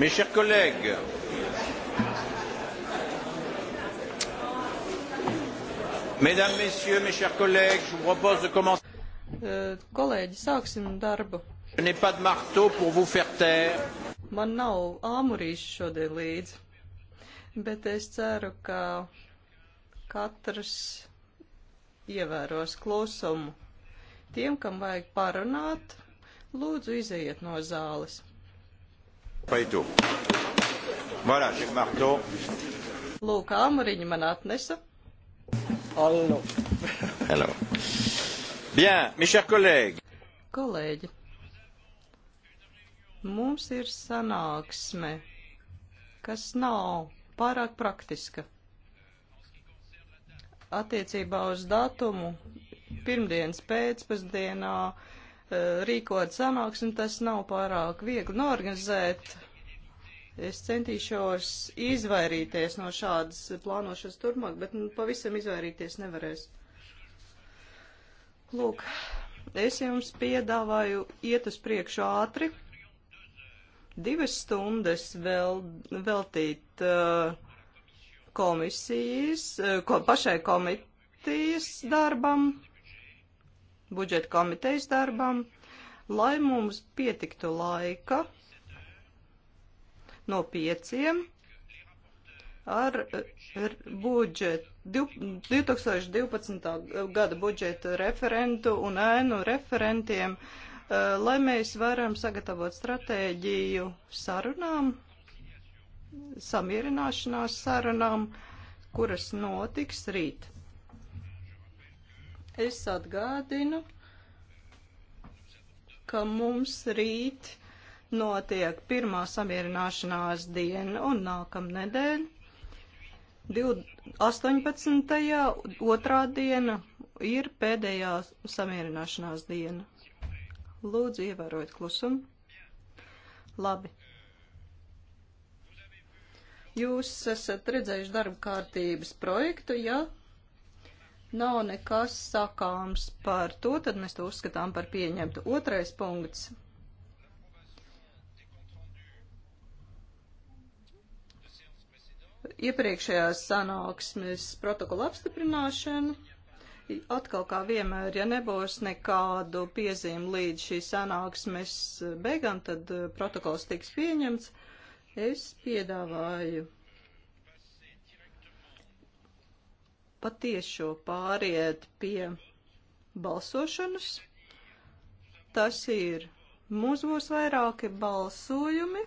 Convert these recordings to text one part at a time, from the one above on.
Mes chers collègues, mesdames, messieurs, mes chers collègues, je vous propose de commencer. Uh, kolēģi, sāksim darbu. Je n'ai pas de marteau pour vous faire taire. Man nav āmurīšu šodien līdzi, bet es ceru, ka katrs ievēros klusumu. Tiem, kam vajag parunāt, lūdzu iziet no zāles. Pas du tout. Voilà, j'ai le marteau. Lūk, āmuriņu man atnesa. Allo. Hello. Bien, mes chers collègues. Kolēģi, mums ir sanāksme, kas nav pārāk praktiska. Attiecībā uz datumu pirmdienas pēcpusdienā eh, rīkot sanāksmi, tas nav pārāk viegli norganizēt, Es centīšos izvairīties no šādas plānošanas turpmāk, bet nu, pavisam izvairīties nevarēs. Lūk, es jums piedāvāju iet uz priekšu ātri, divas stundas vēl, veltīt uh, komisijas, uh, ko, pašai komitejas darbam, budžeta komitejas darbam, lai mums pietiktu laika no pieciem ar, ar budžetu, 2012. gada budžeta referentu un ēnu referentiem, eh, lai mēs varam sagatavot stratēģiju sarunām, samierināšanās sarunām, kuras notiks rīt. Es atgādinu, ka mums rīt notiek pirmā samierināšanās diena un nākamnedēļ. 18. otrā diena ir pēdējā samierināšanās diena. Lūdzu, ievērojiet klusumu. Labi. Jūs esat redzējuši darba kārtības projektu, ja nav nekas sakāms par to, tad mēs to uzskatām par pieņemtu. Otrais punkts iepriekšējās sanāksmes protokola apstiprināšanu. Atkal kā vienmēr, ja nebūs nekādu piezīmu līdz šī sanāksmes eh, beigām, tad eh, protokols tiks pieņemts. Es piedāvāju patiešo pāriet pie balsošanas. Tas ir, mums būs vairāki balsojumi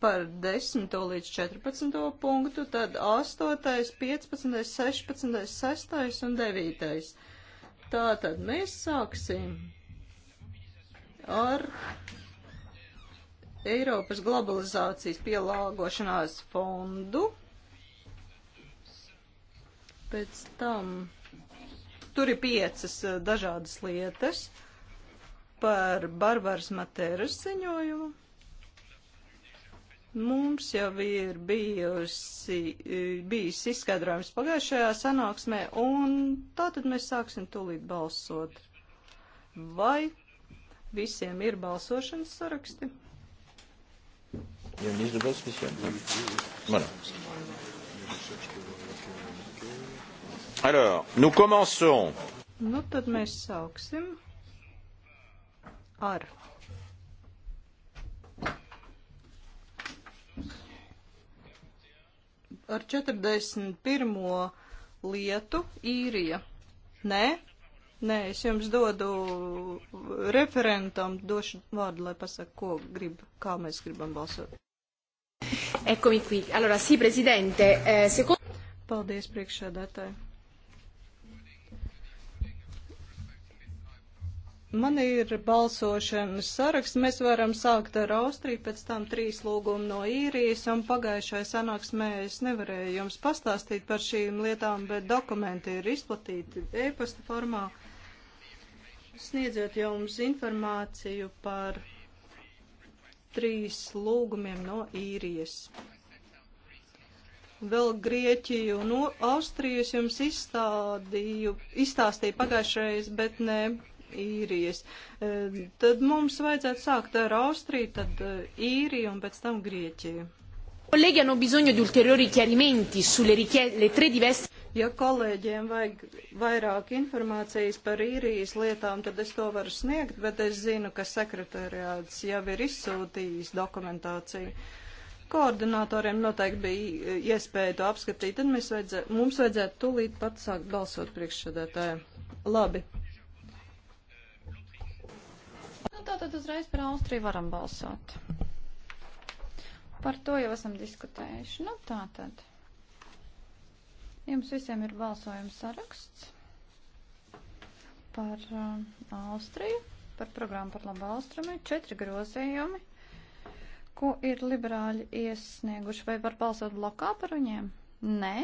par 10. līdz 14. punktu, tad 8., 15., 16., 6. un 9. Tātad mēs sāksim ar Eiropas globalizācijas pielāgošanās fondu. Pēc tam tur ir piecas eh, dažādas lietas par Barbaras Materas ziņojumu. Mums jau ir bijusi, bijis izskaidrojums pagājušajā sanāksmē, un tātad mēs sāksim tūlīt balsot. Vai visiem ir balsošanas saraksti? Ja nicht, du bist nicht Voilà. Alors, nous commençons. Nu, tad mēs sāksim ar ar 41. lietu īrija. Nē? Nē, es jums dodu referentam, došu vārdu, lai pasaka, ko grib, kā mēs gribam balsot. Eccomi qui. Allora, sì, Presidente, eh, secondo... Paldies, priekšsēdētāji. Man ir balsošanas saraksts. Mēs varam sākt ar Austriju, pēc tam trīs lūgumu no īrijas, un pagājušajā sanāksmē es nevarēju jums pastāstīt par šīm lietām, bet dokumenti ir izplatīti e-pasta formā, sniedzot jums informāciju par trīs lūgumiem no īrijas. Vēl Grieķiju no Austrijas jums izstādīju, izstāstīju pagājušreiz, bet ne īrijas. E, tad mums vajadzētu sākt ar Austriju, tad e, īriju un pēc tam Grieķiju. Kolēģi hanno bisogno di ulteriori chiarimenti sulle le tre diverse. Ja kolēģiem vajag vairāk informācijas par īrijas lietām, tad es to varu sniegt, bet es zinu, ka sekretariāts jau ir izsūtījis dokumentāciju. Koordinatoriem noteikti bija iespēja to apskatīt, tad mēs vajadzētu, mums vajadzētu tūlīt pat sākt balsot priekšsēdētājiem. Labi. Nu, tātad uzreiz par Austriju varam balsot. Par to jau esam diskutējuši. Nu, tātad. Jums visiem ir balsojums saraksts par uh, Austriju, par programmu par labu Austrumi. Četri grozījumi, ko ir liberāļi iesnieguši. Vai var balsot blokā par viņiem? Nē.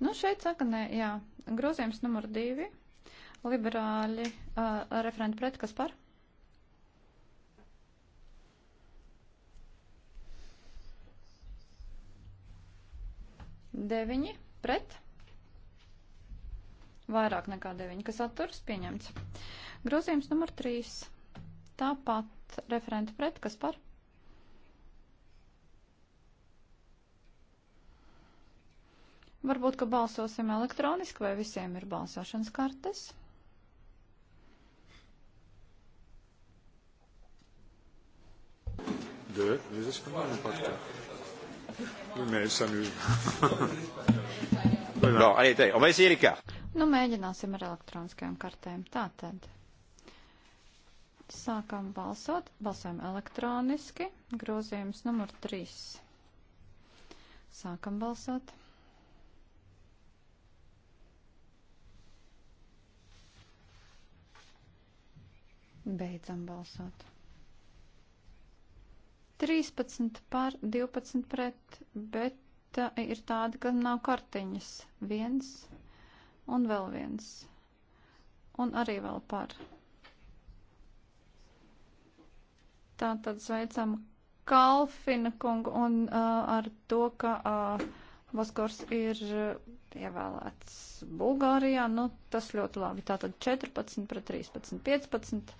Nu, šeit saka, nē, jā. Grozījums numur divi. Liberāļi uh, referenti pret, kas par? Deviņi pret. Vairāk nekā deviņi, kas atturas pieņemts. Grozījums numur trīs. Tāpat referenti pret, kas par? Varbūt, ka balsosim elektroniski, vai visiem ir balsošanas kartes. Deux Les Espagnols n'ont pas de carte. Oui, mais ils s'amusent. voilà. Bon, allez, allez, on va essayer les cartes. Nu, mēģināsim ar elektroniskajām kartēm. Tātad. Sākam balsot. Balsojam elektroniski. Grozījums numur 3. Sākam balsot. Beidzam balsot. 13 par 12 pret, bet uh, ir tādi, ka nav kartiņas. Viens un vēl viens. Un arī vēl par. Tā tad sveicam Kalfina kungu un uh, ar to, ka uh, Voskors ir uh, ievēlēts Bulgārijā, nu tas ļoti labi. Tā tad 14 pret 13, 15,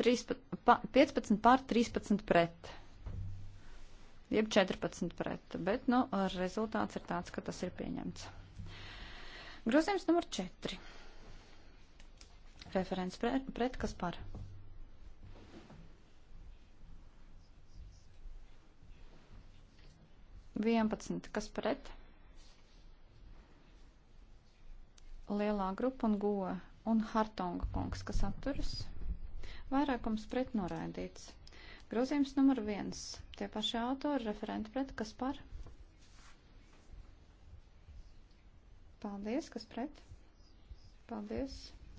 13 pa, 15 pār 13 pret jeb 14 pret, bet, nu, rezultāts ir tāds, ka tas ir pieņemts. Grozījums numur 4. Referents pret, pret kas par? Vienpadsmit, kas pret? Lielā grupa un goa un Hartonga kungs, kas atturas. Vairākums pret noraidīts. Grozījums numur viens. Tie paši autori, referenti pret, kas par? Paldies, kas pret? Paldies.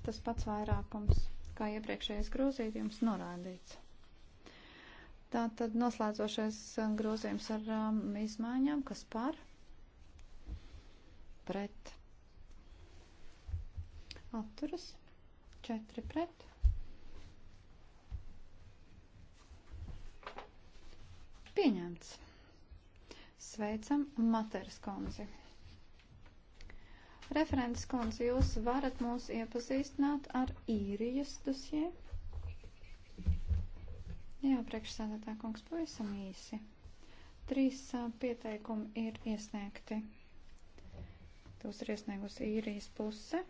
Tas pats vairākums, kā iepriekšējais grozījums norādīts. Tā tad noslēdzošais uh, grozījums ar um, izmaiņām, kas par? Pret. Atturas. Četri pret. Pieņemts. Sveicam Materas konzi. Referents konzi, jūs varat mūs iepazīstināt ar īrijas dosie? Jā, priekšsēdētā kungs, pavisam īsi. Trīs pieteikumi ir iesniegti. Tos ir iesniegusi īrijas puse.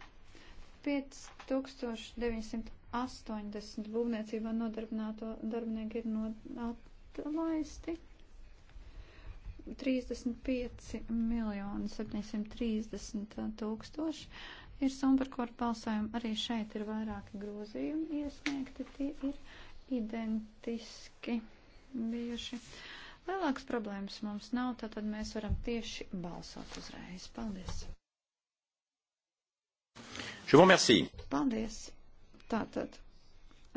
5980 būvniecībā nodarbināto darbinieku ir no, at, atlaisti. 35 miljoni 730 tūkstoši ir summa, par kuru balsojam. Arī šeit ir vairāki grozījumi iesniegti, tie ir identiski bijuši. Lielākas problēmas mums nav, tātad mēs varam tieši balsot uzreiz. Paldies! Je vous remercie. Paldies! Tātad,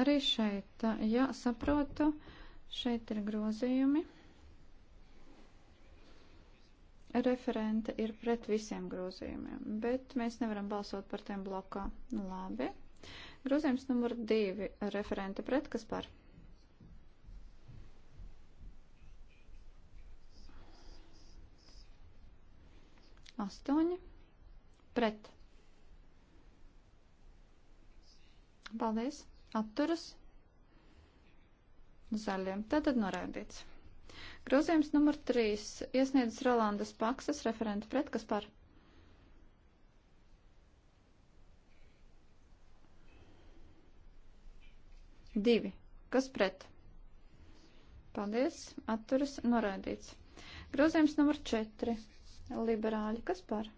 arī šeit, ja saprotu, uh, Šeit ir grozījumi. Referente ir pret visiem grozījumiem, bet mēs nevaram balsot par tiem blokā. Nu, labi. Grozījums numur divi. Referente pret kas par? Astoņi. Pret. Paldies. Atturas zaļiem. Tātad noraidīts. Grozījums numur 3 iesniedzis Rolandas Paksas referenta pret, kas par. Divi. Kas pret? Paldies. Atturas noraidīts. Grozījums numur 4. Liberāļi. Kas par?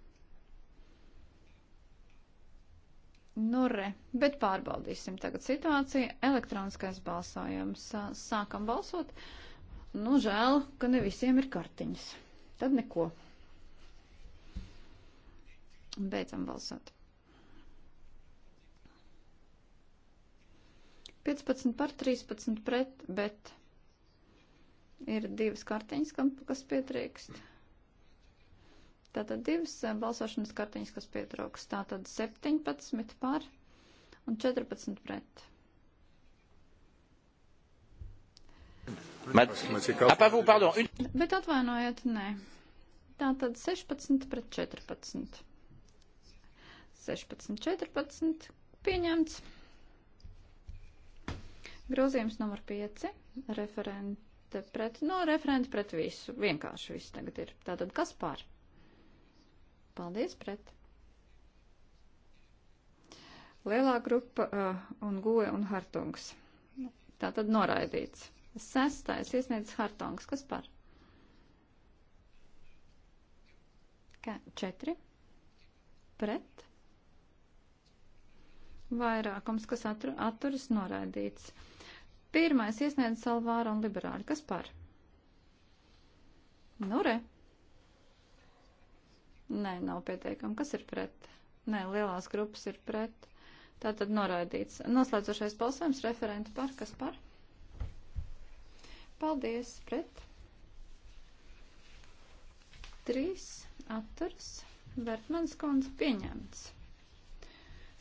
Nu, re, bet pārbaudīsim tagad situāciju. Elektroniskais balsojums. Sākam balsot. Nu, žēl, ka ne visiem ir kartiņas. Tad neko. Beidzam balsot. 15 par 13 pret, bet ir divas kartiņas, kas pietrīkst. Tātad divas eh, balsošanas kartiņas, kas pietrūks. Tātad 17 par un 14 pret. Mat... Apavu, ah, pardon. Un... Bet atvainojiet, nē. Tātad 16 pret 14. 16, 14 pieņemts. Grozījums numur 5. Referente pret, no referente pret visu. Vienkārši viss tagad ir. Tātad kas par? Paldies, pret. Lielā grupa uh, un goja un hartungs. Tā tad noraidīts. Sestais iesniedz hartungs. Kas par? Kā? Četri. Pret. Vairākums, kas atru, atturas, noraidīts. Pirmais iesniedz Salvāra un liberāļi. Kas par? Nu, re. Nē, nav pietiekami. Kas ir pret? Nē, lielās grupas ir pret. Tā tad noraidīts. Noslēdzošais balsojums referenti par. Kas par? Paldies. Pret. Trīs. Atturs. Vertmans kundze pieņemts.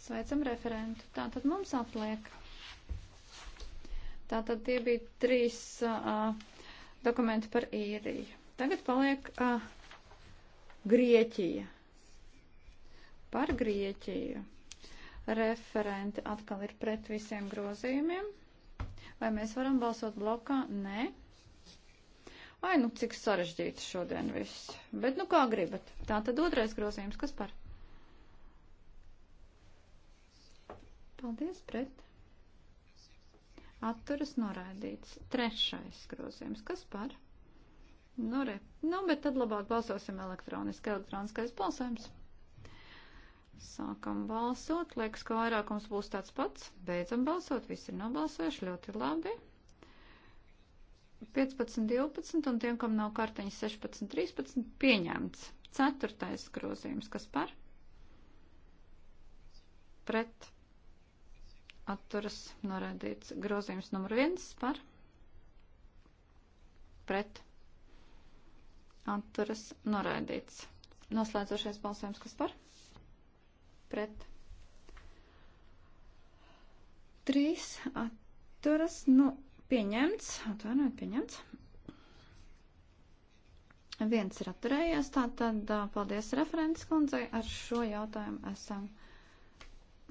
Sveicam referentu. Tā tad mums atliek. Tā tad tie bija trīs uh, dokumenti par īriju. Tagad paliek. Uh, Grieķija. Par Grieķiju. Referenti atkal ir pret visiem grozījumiem. Vai mēs varam balsot blokā? Nē. Ai, nu cik sarežģīts šodien viss. Bet nu kā gribat. Tā tad otrais grozījums. Kas par? Paldies pret. Atturas noraidīts. Trešais grozījums. Kas par? Nu, re. Nu, bet tad labāk balsosim elektroniski. Elektroniskais balsojums. Sākam balsot. Liekas, ka vairākums būs tāds pats. Beidzam balsot. Visi ir nobalsojuši. Ļoti labi. 15, 12 un tiem, kam nav kartiņas 16, 13, pieņemts. Ceturtais grozījums. Kas par? Pret. Atturas norādīts grozījums numur viens par. Pret atturas noraidīts. Noslēdzošais balsojums, kas par? Pret. Trīs atturas, nu, pieņemts, atvainojiet, pieņemts. Viens ir atturējies, tātad paldies referents kundzei, ar šo jautājumu esam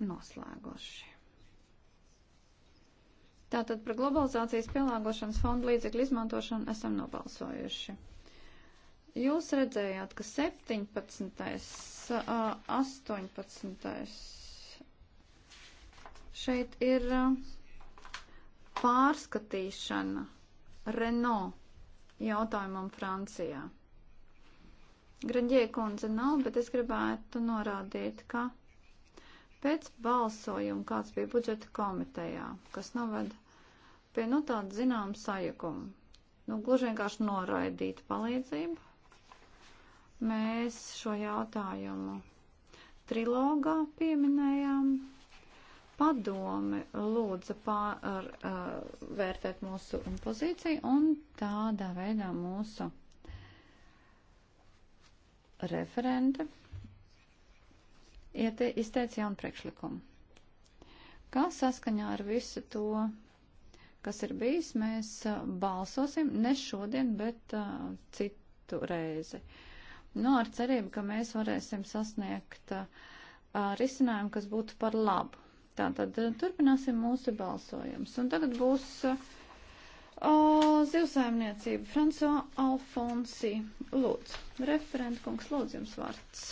noslēguši. Tātad par globalizācijas pielāgošanas fondu līdzekļu izmantošanu esam nobalsojuši. Jūs redzējāt, ka 17. 18. šeit ir pārskatīšana Renault jautājumam Francijā. Graģie kundze nav, bet es gribētu norādīt, ka pēc balsojuma, kāds bija budžeta komitejā, kas noveda pie nu tāda zinām sajukuma, nu gluži vienkārši noraidīt palīdzību, Mēs šo jautājumu trilogā pieminējām. Padome lūdza pārvērtēt uh, mūsu pozīciju un tādā veidā mūsu referente iete, izteica jaunu priekšlikumu. Kā saskaņā ar visu to, kas ir bijis, mēs balsosim ne šodien, bet uh, citu reizi. Uh, Nu, ar cerību, ka mēs varēsim sasniegt uh, risinājumu, kas būtu par labu. Tātad uh, turpināsim mūsu balsojumus. Un tagad būs uh, uh, zivsaimniecība. Franco Alfonsi, lūdzu. Referent kungs, lūdzu jums vārds.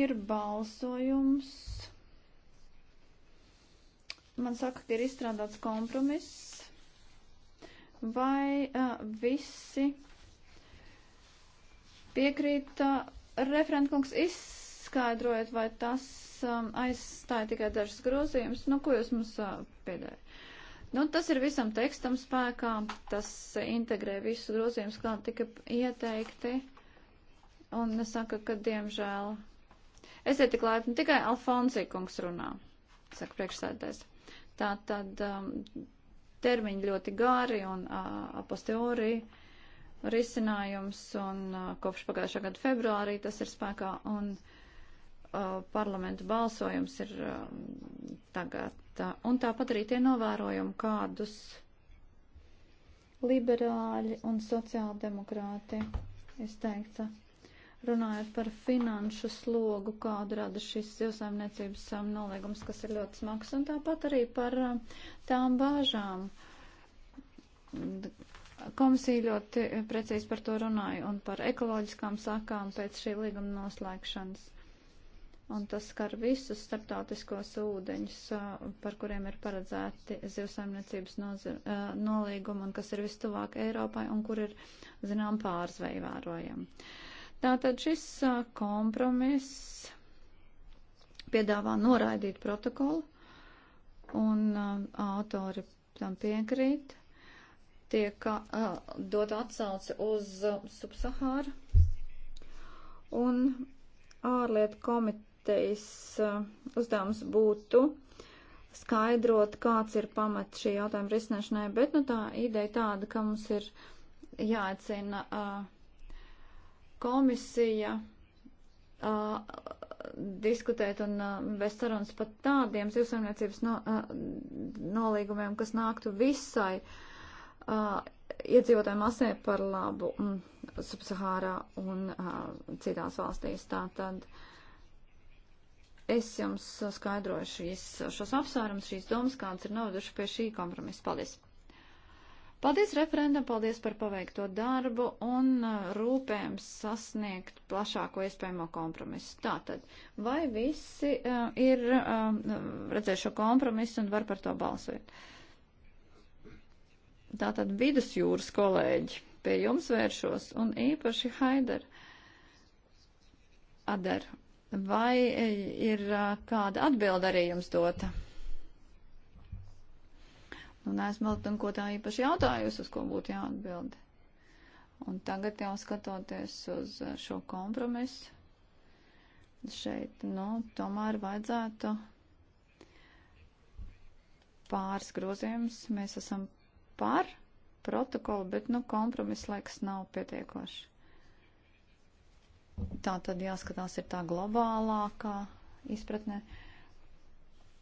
Ir balsojums man saka, ka ir izstrādāts kompromiss, vai uh, visi Piekrīt uh, referentkungs izskaidrojot, vai tas um, aizstāja tikai dažas grozījumus. Nu, ko jūs mums uh, piedāvājat? Nu, tas ir visam tekstam spēkā, tas uh, integrē visus grozījumus, kā tika ieteikti. Un saka, ka diemžēl. Es ir tik laipni, tikai Alfonsī kungs runā, saka priekšsēdēs. Tā tad um, termiņi ļoti gāri un uh, apostiorija risinājums, un uh, kopš pagājušā gada februārī tas ir spēkā, un uh, parlamentu balsojums ir uh, tagad. Uh, un tāpat arī tie novērojumi, kādus liberāļi un sociāldemokrāti, es teiktu, runājot par finanšu slogu, kādu rada šis zivsaimniecības um, noliegums, kas ir ļoti smags, un tāpat arī par uh, tām bāžām Komisija ļoti precīzi par to runāja un par ekoloģiskām sakām pēc šī līguma noslēgšanas. Un tas skar visus starptautiskos ūdeņus, par kuriem ir paredzēti zivsaimniecības nolīgumi un kas ir vistuvāk Eiropai un kur ir, zinām, pārzveju vērojami. Tātad šis kompromiss piedāvā noraidīt protokolu un autori tam piekrīt tiek uh, dot atsauce uz uh, subsahāru. Un ārlietu komitejas uh, uzdevums būtu skaidrot, kāds ir pamat šī jautājuma risināšanai, bet nu, tā ideja tāda, ka mums ir jāicina uh, komisija uh, diskutēt un uh, vest sarunas pat tādiem zivsaimniecības no, uh, nolīgumiem, kas nāktu visai uh, uh, iedzīvotāju masē par labu mm, Subsahārā un uh, citās valstīs. Tātad es jums skaidroju šīs, šos apsvērums, šīs domas, kādas ir novedušas pie šī kompromisa. Paldies! Paldies referendam, paldies par paveikto darbu un rūpēm sasniegt plašāko iespējamo kompromisu. Tātad, vai visi uh, ir uh, redzējuši šo kompromisu un var par to balsot? Uh, Tātad vidusjūras kolēģi pie jums vēršos un īpaši Haider. Adar, vai ir kāda atbilda arī jums dota? Nu, neesmu vēl tam, ko tā īpaši jautājusi, uz ko būtu jāatbild. Un tagad jau skatoties uz šo kompromisu, šeit, nu, tomēr vajadzētu pāris grozījums. Mēs esam par protokolu, bet, nu, kompromiss laiks nav pietiekoši. Tā tad jāskatās ir tā globālākā izpratnē.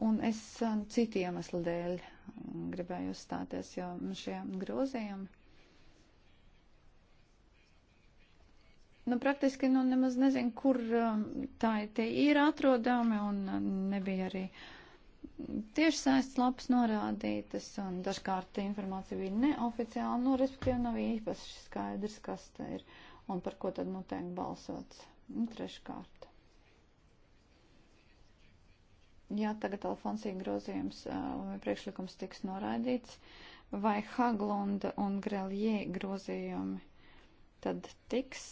Un es um, citu iemeslu dēļ um, gribēju uzstāties, jo šie grozījumi. Nu, praktiski, nu, nemaz nezinu, kur um, tā tie ir atrodami, un nebija arī uh, tiešsaistes lapas norādītas, un dažkārt informācija bija neoficiāla, nu, respektīvi nav īpaši skaidrs, kas te ir un par ko tad notiek nu balsots. Un nu, treškārt. Jā, tagad Alfonsija grozījums vai priekšlikums tiks noraidīts, vai Haglunda un Grelje grozījumi tad tiks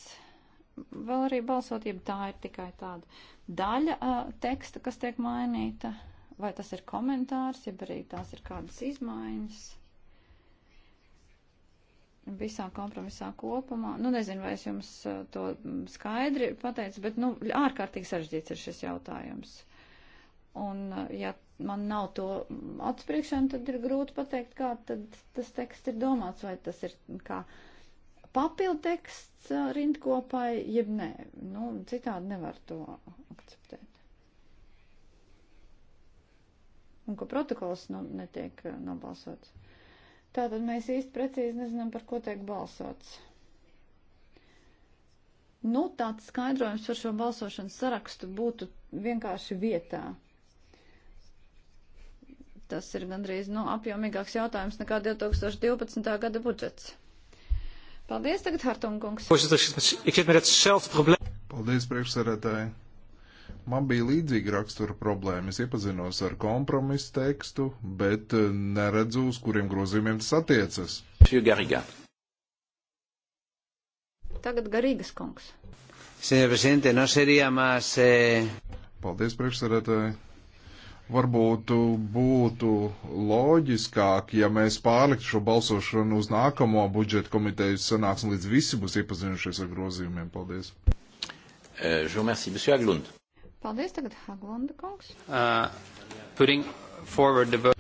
vēl arī balsot, ja tā ir tikai tāda daļa uh, teksta, kas tiek mainīta. Uh, Vai tas ir komentārs, ja arī tās ir kādas izmaiņas? visā kompromisā kopumā. Nu, nezinu, vai es jums eh, to skaidri pateicu, bet, nu, ārkārtīgi sarežģīts ir šis jautājums. Un, eh, ja man nav to atspriekšana, nu, tad ir grūti pateikt, kā tad tas teksts ir domāts, vai tas ir kā papildu teksts eh, rindkopai, jeb nē. Nu, citādi nevar to akceptēt. un ka protokols nu, netiek eh, nobalsots. Tātad mēs īsti precīzi nezinām, par ko tiek balsots. Nu, tāds skaidrojums par šo balsošanas sarakstu būtu vienkārši vietā. Tas ir gandrīz nu, apjomīgāks jautājums nekā 2012. gada budžets. Paldies, tagad Hartungungs. Paldies, priekšsarētāji. Man bija līdzīga rakstura problēma. Es iepazinos ar kompromisu tekstu, bet eh, neredzu, uz kuriem grozījumiem tas attiecas. Tagad garīgas kungs. No más, eh... Paldies, priekšsarētāji. Varbūt eh, būtu loģiskāk, ja mēs pārliktu šo balsošanu uz nākamo budžeta komitejas sanāksmi, līdz visi būs iepazinušies ar grozījumiem. Paldies. Uh, Paldies tagad, Haglunda kungs. Uh, the...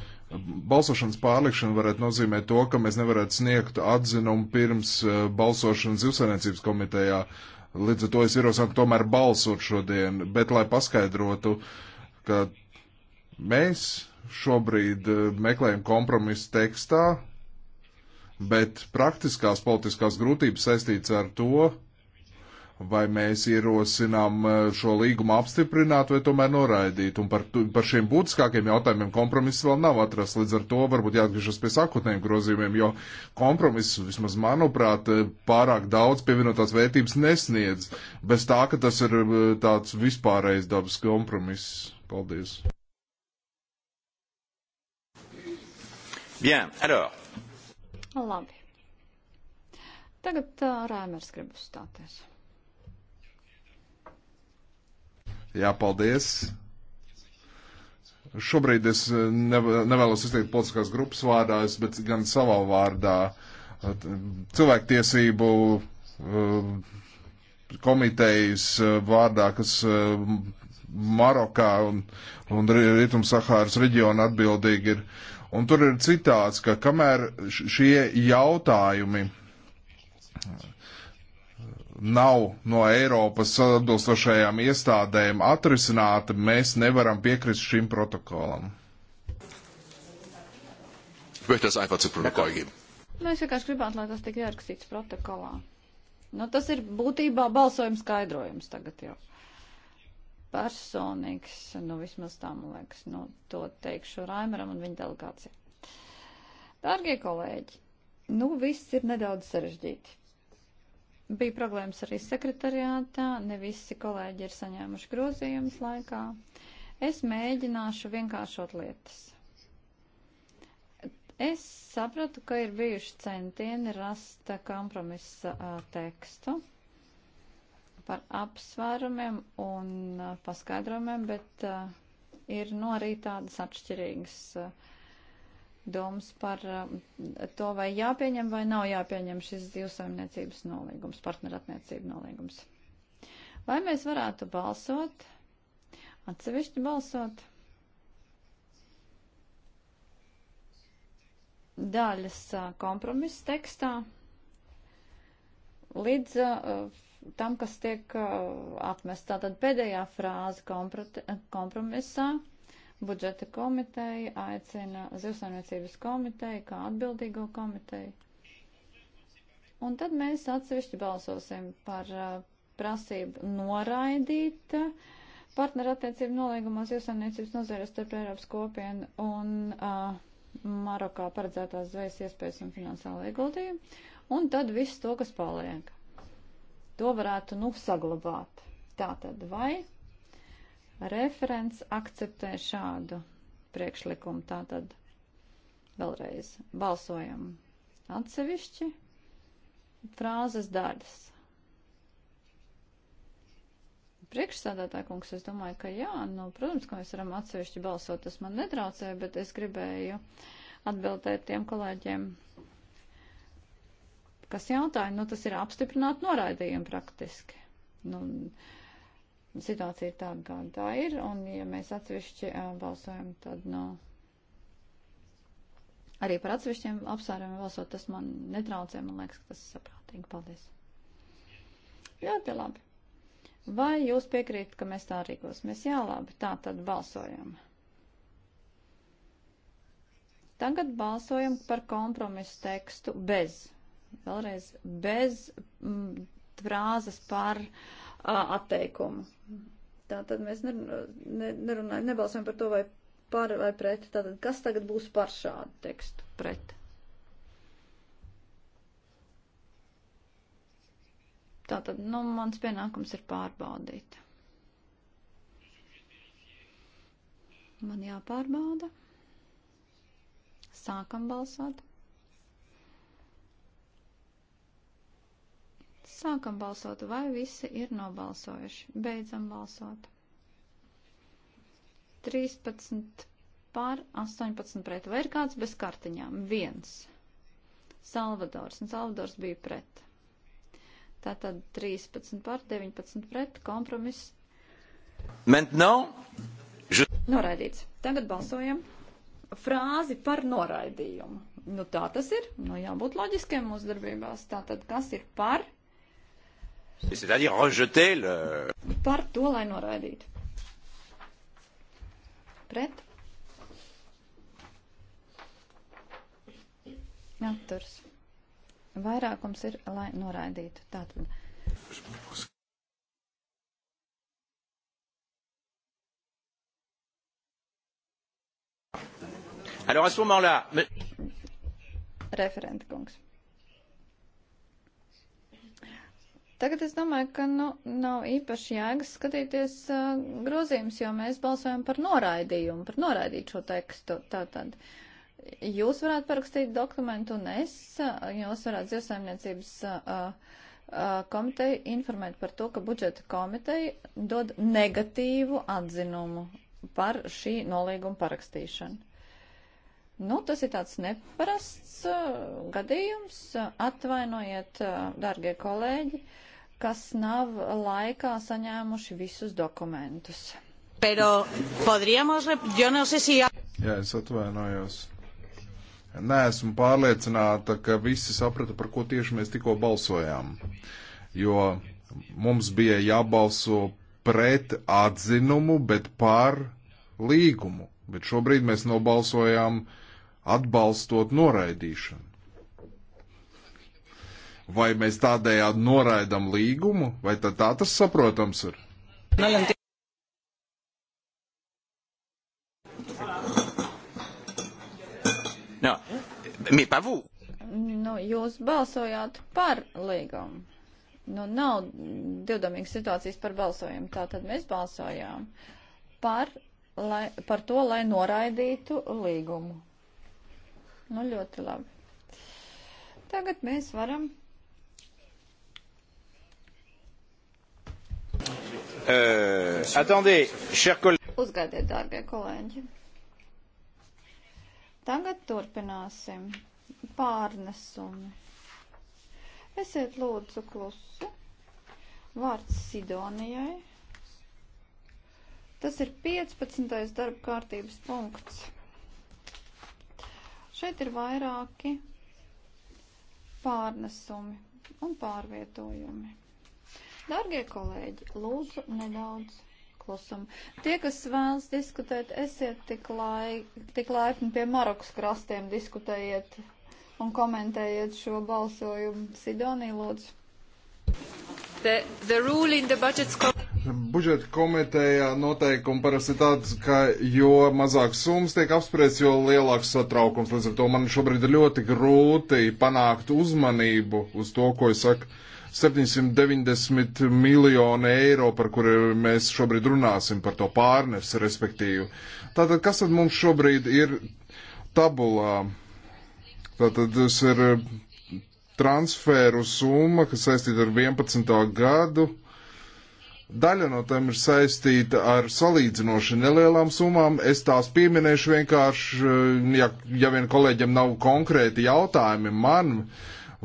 Balsošanas pārlikšana varētu nozīmēt to, ka mēs nevarētu sniegt atzinumu pirms uh, balsošanas zivsainiecības komitejā. Līdz ar to es ierosinu tomēr balsot šodien, bet lai paskaidrotu, ka mēs šobrīd uh, meklējam kompromisu tekstā, bet praktiskās politiskās grūtības saistīts ar to, vai mēs ierosinām eh, šo līgumu apstiprināt vai tomēr noraidīt. Un par, par šiem būtiskākiem jautājumiem kompromiss vēl nav atrasts. Līdz ar to varbūt jāatgriežas pie sakotnējiem grozījumiem, jo kompromiss, vismaz manuprāt, eh, pārāk daudz pievienotās vērtības nesniedz. Bez tā, ka tas ir eh, tāds vispārējais dabas kompromiss. Paldies. Bien, alors. Labi. Tagad uh, Rēmers grib uzstāties. Jā, paldies. Šobrīd es eh, nevēlos izteikt politiskās grupas vārdā, bet gan savā vārdā. Cilvēktiesību eh, komitejas eh, vārdā, kas Marokā un, un Rietum-Sahāras reģiona atbildīgi ir. Un tur ir citāts, ka kamēr šie jautājumi nav no Eiropas atbilstošajām iestādēm atrisināta, mēs nevaram piekrist šim protokolam. Mēs vienkārši gribētu, lai tas tiek ierakstīts protokolā. Nu, tas ir būtībā balsojuma skaidrojums tagad jau. Personīgs, nu vismaz tā, man liekas, nu to teikšu Raimaram un viņa delegācijai. Dārgie kolēģi, nu viss ir nedaudz sarežģīti. Bija problēmas arī sekretariātā, ne visi kolēģi ir saņēmuši grozījumus laikā. Es mēģināšu vienkāršot lietas. Es sapratu, ka ir bijuši centieni rast kompromisa a, tekstu par apsvērumiem un a, paskaidrojumiem, bet a, ir no nu arī tādas atšķirīgas. Uh, domas par eh, to, vai jāpieņem vai nav jāpieņem šis divsaimniecības nolīgums, partnerattiecību nolīgums. Vai mēs varētu balsot, atsevišķi balsot? Daļas eh, kompromisa tekstā līdz uh, tam, kas tiek uh, atmests. Tātad pēdējā frāze kompromisā Budžeta komiteja aicina Zivsaimniecības komiteju kā atbildīgo komiteju. Un tad mēs atsevišķi balsosim par uh, prasību noraidīt uh, partnerattiecību nolīgumos Zivsaimniecības nozares starp Eiropas kopienu un uh, Marokā paredzētās zvejas iespējas un finansiālo ieguldījumu. Un tad viss to, kas paliek. To varētu, nu, saglabāt. Tātad, vai Referents akceptē šādu priekšlikumu. Tātad vēlreiz balsojam atsevišķi frāzes daļas. Priekšsādātāja kungs, es domāju, ka jā, nu, protams, ka mēs varam atsevišķi balsot, tas man netraucē, bet es gribēju atbildēt tiem kolēģiem, kas jautāja, nu, tas ir apstiprināt noraidījumu praktiski. Nu, uh, situācija ir tāda, kāda tā ir, un ja mēs atsevišķi uh, balsojam, tad no nu, arī par atsevišķiem apsvērumiem balsot, tas man netraucē, man liekas, ka tas ir saprātīgi. Paldies. Jā, tie labi. Vai jūs piekrītat, ka mēs tā rīkosimies? Jā, labi, tā tad balsojam. Tagad balsojam par kompromisu tekstu bez, vēlreiz bez m, mm, frāzes par uh, atteikumu. Tā tad mēs nerunājam, nebalsojam par to, vai par vai pret. Tātad kas tagad būs par šādu tekstu pret? Tātad, nu, mans pienākums ir pārbaudīt. Man jāpārbauda. Sākam balsot. Sākam balsot, vai visi ir nobalsojuši. Beidzam balsot. 13 pār 18 pret. Vai ir kāds bez kartiņām? Viens. Salvadors, un Salvadors bija pret. Tātad 13 par 19 pret kompromiss. Maintenant, je... Noraidīts. Tagad balsojam frāzi par noraidījumu. Nu tā tas ir. Nu jābūt loģiskiem mūsu darbībās. Tātad kas ir par? C'est-à-dire rejeter le... Par to, lai noraidītu. Pret. Atturs. Vairākums ir, lai noraidītu. Tātad. Alors à ce moment-là... Mais... Référent, kungs. Tagad es domāju, ka nu, nav īpaši jēgas skatīties uh, grozījums, jo mēs balsojam par noraidījumu, par noraidīt šo tekstu. Tātad jūs varētu parakstīt dokumentu un es, jūs varētu zivsaimniecības uh, komiteja informēt par to, ka budžeta komiteja dod negatīvu atzinumu par šī nolīguma parakstīšanu. Nu, tas ir tāds neparasts uh, gadījums. Atvainojiet, uh, darbie kolēģi, kas nav laikā saņēmuši visus dokumentus. Pero podríamos, yo no sé si... Jā, es atvainojos. Nē, esmu pārliecināta, ka visi saprata, par ko tieši mēs tikko balsojām. Jo mums bija jābalso pret atzinumu, bet par līgumu. Bet šobrīd mēs nobalsojām uh, atbalstot noraidīšanu. Vai mēs tādējādi noraidam līgumu, vai tad tā tas saprotams ir? No, mi pavu. Nu, jūs balsojāt par līgumu. Nu, nav divdomīgas situācijas par balsojumu. Tā tad mēs balsojām par, lai, par to, lai noraidītu līgumu. Nu, ļoti labi. Tagad mēs varam. Uh, attendez, chers collègues. Uzgaidiet, dārgie kolēģi. Tagad turpināsim pārnesumi. Esiet lūdzu klusi. Vārds Sidonijai. Tas ir 15. darba kārtības punkts. Šeit ir vairāki pārnesumi un pārvietojumi. Dargie kolēģi, lūdzu nedaudz klusumu. Tie, kas vēlas diskutēt, esiet tik, lai, tik laipni pie Marokas krastiem, diskutējiet un komentējiet šo balsojumu. Sidonī, lūdzu. The, the budžeta komitejā noteikumi parasti tāds, ka jo mazāk summas tiek apspriests, jo lielāks satraukums. Līdz ar to man šobrīd ir ļoti grūti panākt uzmanību uz to, ko es saku. 790 miljoni eiro, par kuriem mēs šobrīd runāsim, par to pārnes, respektīvi. Tātad, kas tad mums šobrīd ir tabulā? Tātad, tas ir transferu summa, kas saistīta ar 11. gadu Daļa no tām ir saistīta ar salīdzinoši nelielām summām. Es tās pieminēšu vienkārši, eh, ja, ja vien kolēģiem nav konkrēti jautājumi man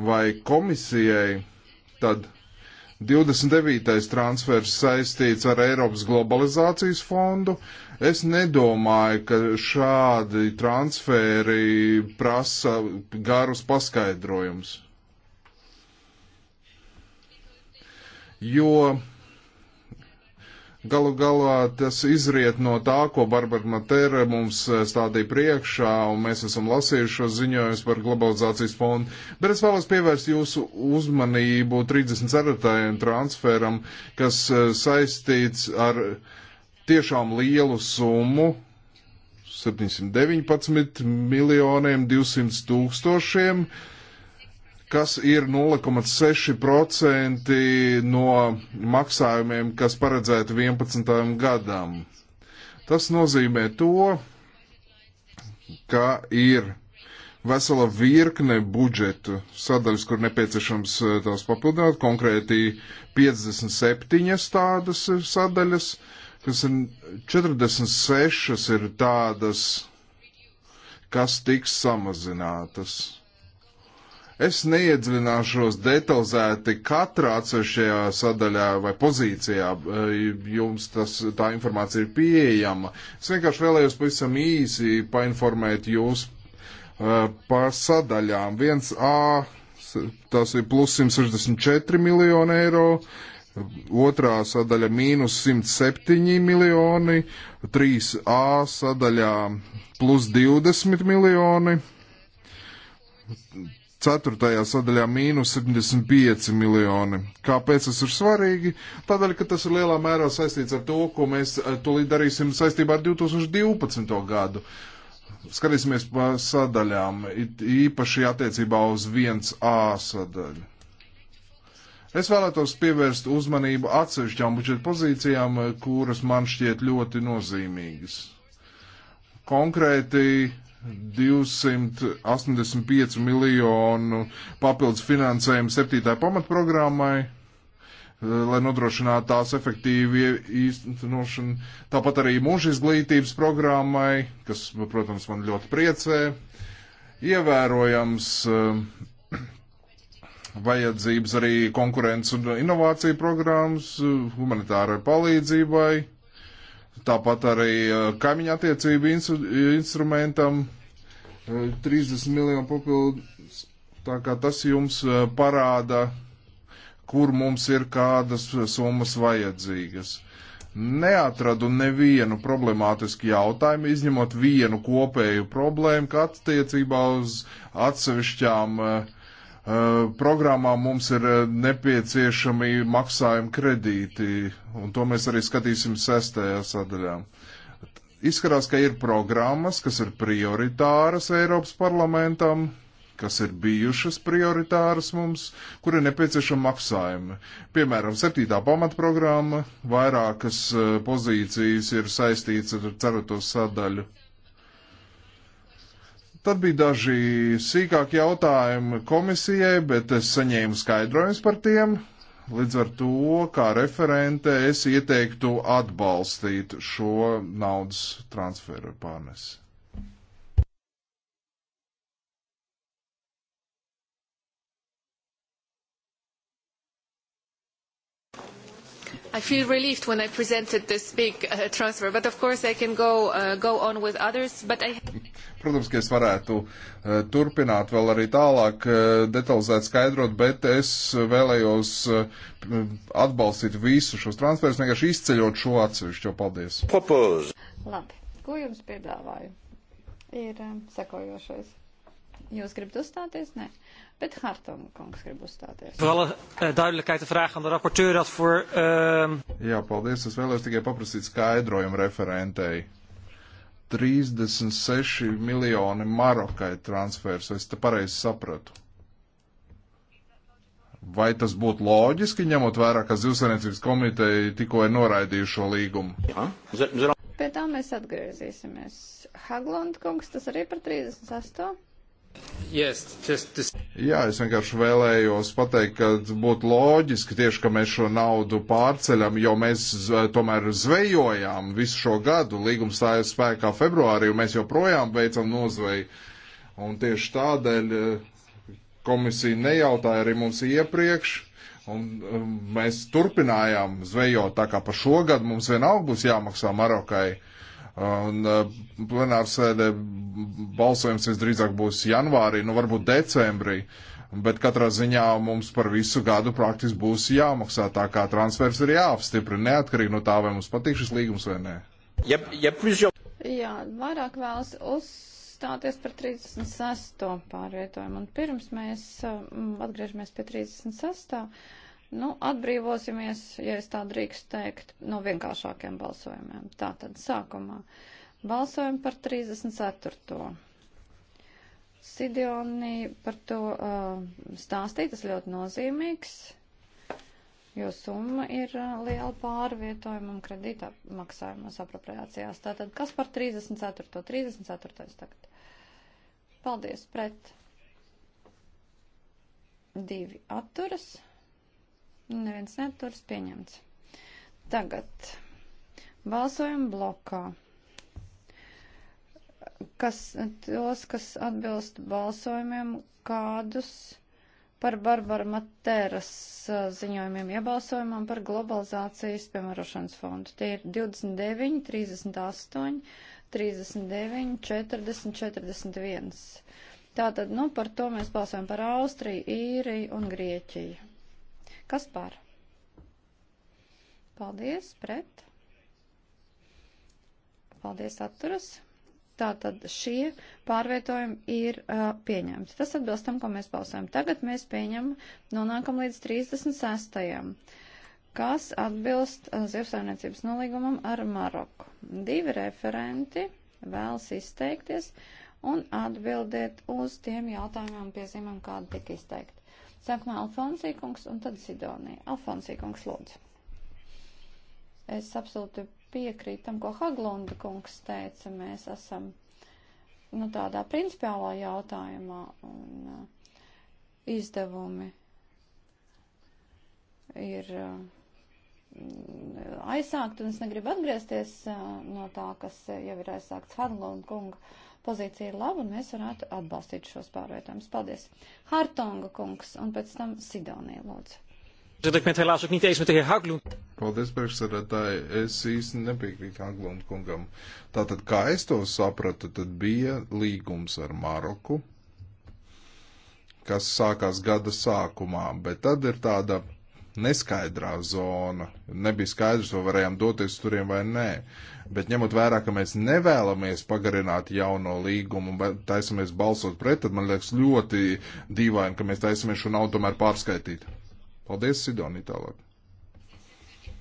vai komisijai, tad 29. transfers saistīts ar Eiropas globalizācijas fondu. Es nedomāju, ka šādi transferi prasa garus paskaidrojums. Jo Galu galā tas izriet no tā, ko Barbara Matēra mums eh, stādīja priekšā, un mēs esam lasījuši šo ziņojumus par globalizācijas fondu. Bet es vēlos pievērst jūsu uzmanību 34. transferam, kas eh, saistīts ar tiešām lielu summu 719 miljoniem 200 tūkstošiem. 000 kas ir 0,6% no maksājumiem, kas paredzēti 11. gadam. Tas nozīmē to, ka ir vesela virkne budžetu sadaļas, kur nepieciešams eh, tās papildināt, konkrēti 57 tādas ir sadaļas, kas ir 46 ir tādas, kas tiks samazinātas. Es neiedziļināšos detalizēti katrā atsevišķajā sadaļā vai pozīcijā, eh, jums tas, tā informācija ir pieejama. Es vienkārši vēlējos pavisam īsi painformēt jūs eh, par sadaļām. 1A, tas ir plus 164 miljoni eiro, otrā sadaļa mīnus 107 miljoni, 3A sadaļā plus 20 miljoni Ceturtajā sadaļā mīnus 75 miljoni. Kāpēc tas ir svarīgi? Tādēļ, ka tas ir lielā mērā saistīts ar to, ko mēs eh, tūlīt darīsim saistībā ar 2012. gadu. Skatīsimies pa sadaļām, īpaši attiecībā uz 1A sadaļu. Es vēlētos pievērst uzmanību atsevišķām budžeta pozīcijām, kuras man šķiet ļoti nozīmīgas. Konkrēti 285 miljonu papildus finansējumu septītā pamatprogrammai, eh, lai nodrošinātu tās efektīvu īstenošanu. Tāpat arī mūža izglītības programmai, kas, protams, man ļoti priecē. Ievērojams eh, vajadzības arī konkurences un inovāciju programmas, eh, humanitārai palīdzībai Tāpat arī kaimiņa attiecību instrumentam 30 miljonu papildus. Tā kā tas jums parāda, kur mums ir kādas summas vajadzīgas. Neatradu nevienu problemātisku jautājumu, izņemot vienu kopēju problēmu, kā attiecībā uz atsevišķām uh, Eh, programmā mums ir eh, nepieciešami maksājumi kredīti, un to mēs arī skatīsim sestajā sadaļā. Izskatās, ka ir programmas, kas ir prioritāras Eiropas parlamentam, kas ir bijušas prioritāras mums, kur ir nepieciešama maksājuma. Piemēram, septītā pamatprogramma, vairākas eh, pozīcijas ir saistītas ar ceratos sadaļu. Tad bija daži sīkāki jautājumi komisijai, bet es saņēmu skaidrojums par tiem. Līdz ar to, kā referente, es ieteiktu atbalstīt šo naudas transferu pārnesi. I feel relieved when I presented this big uh, transfer, but of course I can go, uh, go on with others, but I... Protams, ka es varētu uh, turpināt vēl arī tālāk uh, detalizēt skaidrot, bet es vēlējos uh, atbalstīt visu šos transferus, vienkārši izceļot šo atsevišķo. Paldies! Propose. Labi, ko jums piedāvāju? Ir um, sekojošais. Jūs gribat uzstāties? Nē. Uh, Bet Hartong kungs grib uzstāties. Vēl eh, duidelijkheid vraag aan de rapporteur dat voor... Uh... Jā, paldies. Es vēlēs tikai paprasīt skaidrojumu referentei. 36 miljoni Marokai transfers, es te pareizi sapratu. Vai tas būtu loģiski, ņemot vērā, ka Zivsainiecības komiteja tikko ir noraidījuši šo līgumu? Jā. Pie tā mēs atgriezīsimies. Haglund kungs, tas arī par 38. Yes, just this. Jā, es vienkārši vēlējos pateikt, ka būtu loģiski tieši, ka mēs šo naudu pārceļam, jo mēs eh, tomēr zvejojām visu šo gadu. Līgums stājas spēkā februārī, un mēs joprojām veicam nozveju. Un tieši tādēļ eh, komisija nejautāja arī mums iepriekš, un um, mēs turpinājām zvejot, tā kā pa šogad mums vienalga būs jāmaksā Marokai. Uh, Un eh, plenārsēdē balsojums visdrīzāk būs janvārī, nu varbūt decembrī. Bet katrā ziņā mums par visu gadu praktiski būs jāmaksā. Tā kā transfers ir jāapstiprina neatkarīgi no tā, vai mums patīk šis līgums vai nē. Ja, ja plusieurs... Jā, vairāk vēlas uzstāties par 36. pārvietojumu. Un pirms mēs eh, atgriežamies pie 36. Nu, atbrīvosimies, ja es tā drīkst teikt, no vienkāršākiem balsojumiem. Tātad sākumā balsojam par 34. Sidionī par to uh, stāstīt, tas ļoti nozīmīgs, jo summa ir uh, liela pārvietojumam kredītā maksājumos apropriācijās. Tātad kas par 34. 34. tagad? Paldies, pret. Divi atturas. Nu, neviens neturas pieņemts. Tagad balsojam blokā. Kas tos, kas atbilst balsojumiem, kādus par Barbara Materas uh, ziņojumiem iebalsojumam par globalizācijas piemērošanas fondu. Tie ir 29, 38, 39, 40, 41. Tātad, nu, par to mēs balsojam par Austriju, Īriju un Grieķiju. Kas par? Paldies, pret. Paldies, atturas. Tātad šie pārvietojumi ir uh, pieņemti. Tas atbilst tam, ko mēs balsojam. Tagad mēs pieņemam, nonākam līdz 36. kas atbilst uh, zivsaimniecības nolīgumam ar Maroku. Divi referenti vēlas izteikties un atbildēt uz tiem jautājumiem un piezīmēm, kāda tika izteikta. Sākumā Alfonsīkungs un tad Sidonija. Alfonsīkungs lūdzu. Es absolūti piekrītu tam, ko Haglunda kungs teica. Mēs esam nu, tādā principiālā jautājumā un uh, izdevumi ir. Uh, aizsākt, un es negribu atgriezties uh, no tā, kas uh, jau ir aizsākts Hadlona kunga pozīcija ir laba un mēs varētu atbalstīt šos pārvietojumus. Paldies. Hartonga kungs un pēc tam Sidonija lūdzu. Paldies, priekšsēdētāji. Es īsti nepiekrītu Haglund kungam. Tātad, kā es to sapratu, tad bija līgums ar Maroku, kas sākās gada sākumā, bet tad ir tāda neskaidrā zona. Nebija skaidrs, vai varējām doties turiem vai nē. Bet ņemot vērā, ka mēs nevēlamies pagarināt jauno līgumu un taisamies balsot pret, tad man liekas ļoti dīvaini, ka mēs taisamies šo naudu tomēr pārskaitīt. Paldies, Sidonī, tālāk.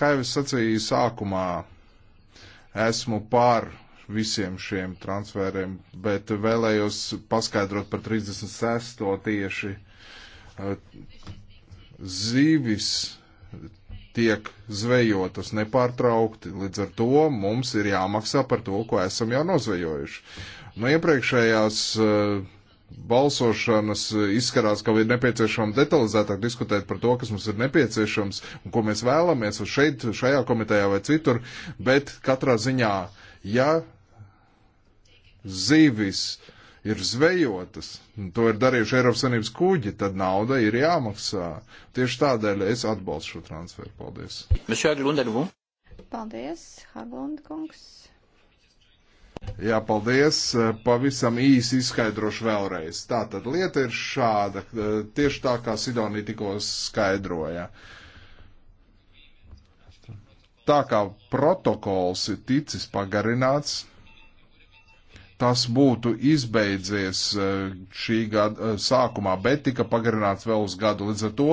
Kā jau es sacīju sākumā, esmu pār visiem šiem transferiem, bet vēlējos paskaidrot par 36. tieši zīvis tiek zvejotas nepārtraukti. Līdz ar to mums ir jāmaksā par to, ko esam jau nozvejojuši. No nu, iepriekšējās eh, balsošanas eh, izskatās, ka ir nepieciešama detalizētāk diskutēt par to, kas mums ir nepieciešams un ko mēs vēlamies šeit, šajā komitejā vai citur, bet katrā ziņā, ja zīvis uh, ir zvejotas. To ir darījuši Eiropas Savienības kuģi, tad nauda ir jāmaksā. Tieši tādēļ es atbalstu šo transferu. Paldies. Paldies, Haglund kungs. Jā, paldies. Pavisam īsi izskaidrošu vēlreiz. Tā tad lieta ir šāda, eh, tieši tā kā Sidonija tikko skaidroja. Tā kā protokols ir ticis pagarināts, tas būtu izbeidzies eh, šī gada eh, sākumā, bet tika pagarināts vēl uz gadu. Līdz ar to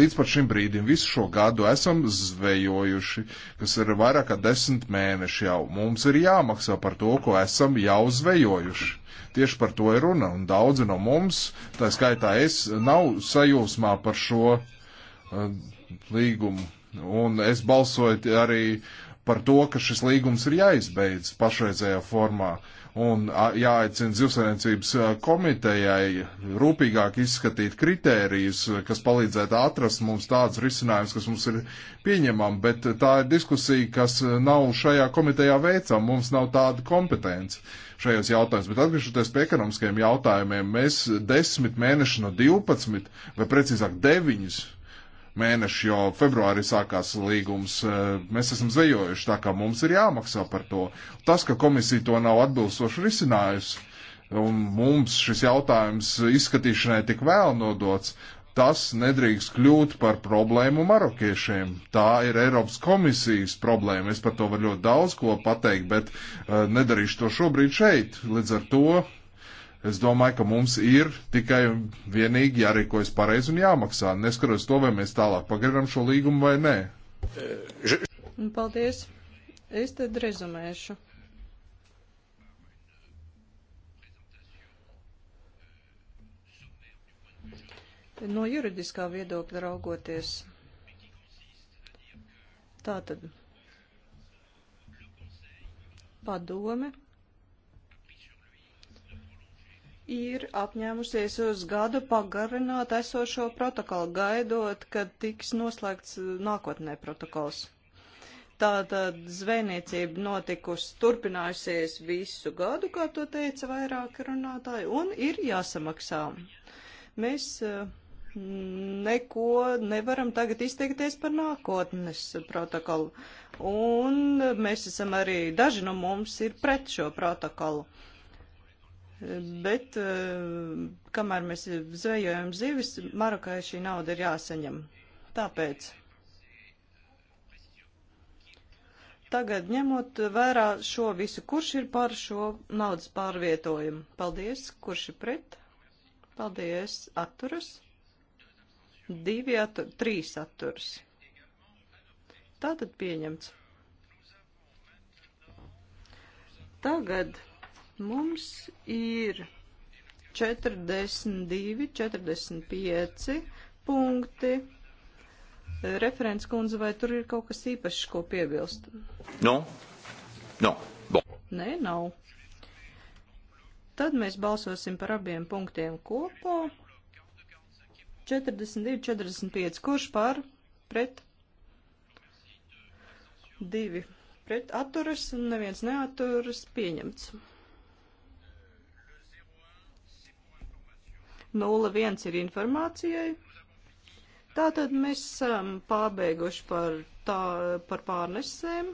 līdz pat šim brīdim visu šo gadu esam zvejojuši, kas ir vairāk kā desmit mēneši jau. Mums ir jāmaksā par to, ko esam jau zvejojuši. Tieši par to ir runa, un daudzi no mums, tā skaitā es, nav sajūsmā par šo uh, līgumu. Un es balsoju arī par to, ka šis līgums ir jāizbeidz pašreizējā formā. Uh, un jāaicina zivsainiecības komitejai rūpīgāk izskatīt kritērijus, kas palīdzētu atrast mums tādus risinājumus, kas mums ir pieņemami, bet tā ir diskusija, kas nav šajā komitejā veicama, mums nav tāda kompetence šajos jautājumos. Bet atgriežoties pie ekonomiskajiem jautājumiem, mēs 10 mēnešu no 12, vai precīzāk 9 mēneši, jo februārī sākās līgums. Eh, mēs esam zvejojuši, tā kā mums ir jāmaksā par to. Tas, ka komisija to nav atbilstoši risinājusi, un mums šis jautājums izskatīšanai tik vēl nodots, tas nedrīkst kļūt par problēmu marokiešiem. Tā ir Eiropas komisijas problēma. Es par to varu ļoti daudz ko pateikt, bet uh, nedarīšu to šobrīd šeit. Līdz ar to Es domāju, ka mums ir tikai un vienīgi jārīkojas pareizi un jāmaksā, neskaros to, vai mēs tālāk pagarinām šo līgumu vai nē. Nu, paldies. Es tad rezumēšu. No juridiskā viedokļa raugoties. Tātad. Padome ir apņēmusies uz gadu pagarināt esošo protokolu, gaidot, kad tiks noslēgts nākotnē protokols. Tātad zvejniecība notikusi, turpinājusies visu gadu, kā to teica vairāki runātāji, un ir jāsamaksā. Mēs eh, neko nevaram tagad izteikties par nākotnes protokolu, un mēs esam arī, daži no mums ir pret šo protokolu. Uh, bet eh, kamēr mēs zvejojam zivis, Marokai šī nauda ir jāsaņem. Tāpēc tagad ņemot vērā šo visu, kurš ir par šo naudas pārvietojumu? Paldies, kurš ir pret? Paldies, atturas. Divi attur, trīs atturas. Tātad pieņemts. Tagad Mums ir 42, 45 punkti. Referents kundze, vai tur ir kaut kas īpašs, ko piebilst? No. No. Bon. Nē, nav. Tad mēs balsosim par abiem punktiem kopā. 42, 45. Kurš par? Pret? Divi. Pret atturas, neviens neatturas, pieņemts. 01 ir informācijai. Tātad mēs esam pārbeiguši par, tā, par pārnesēm,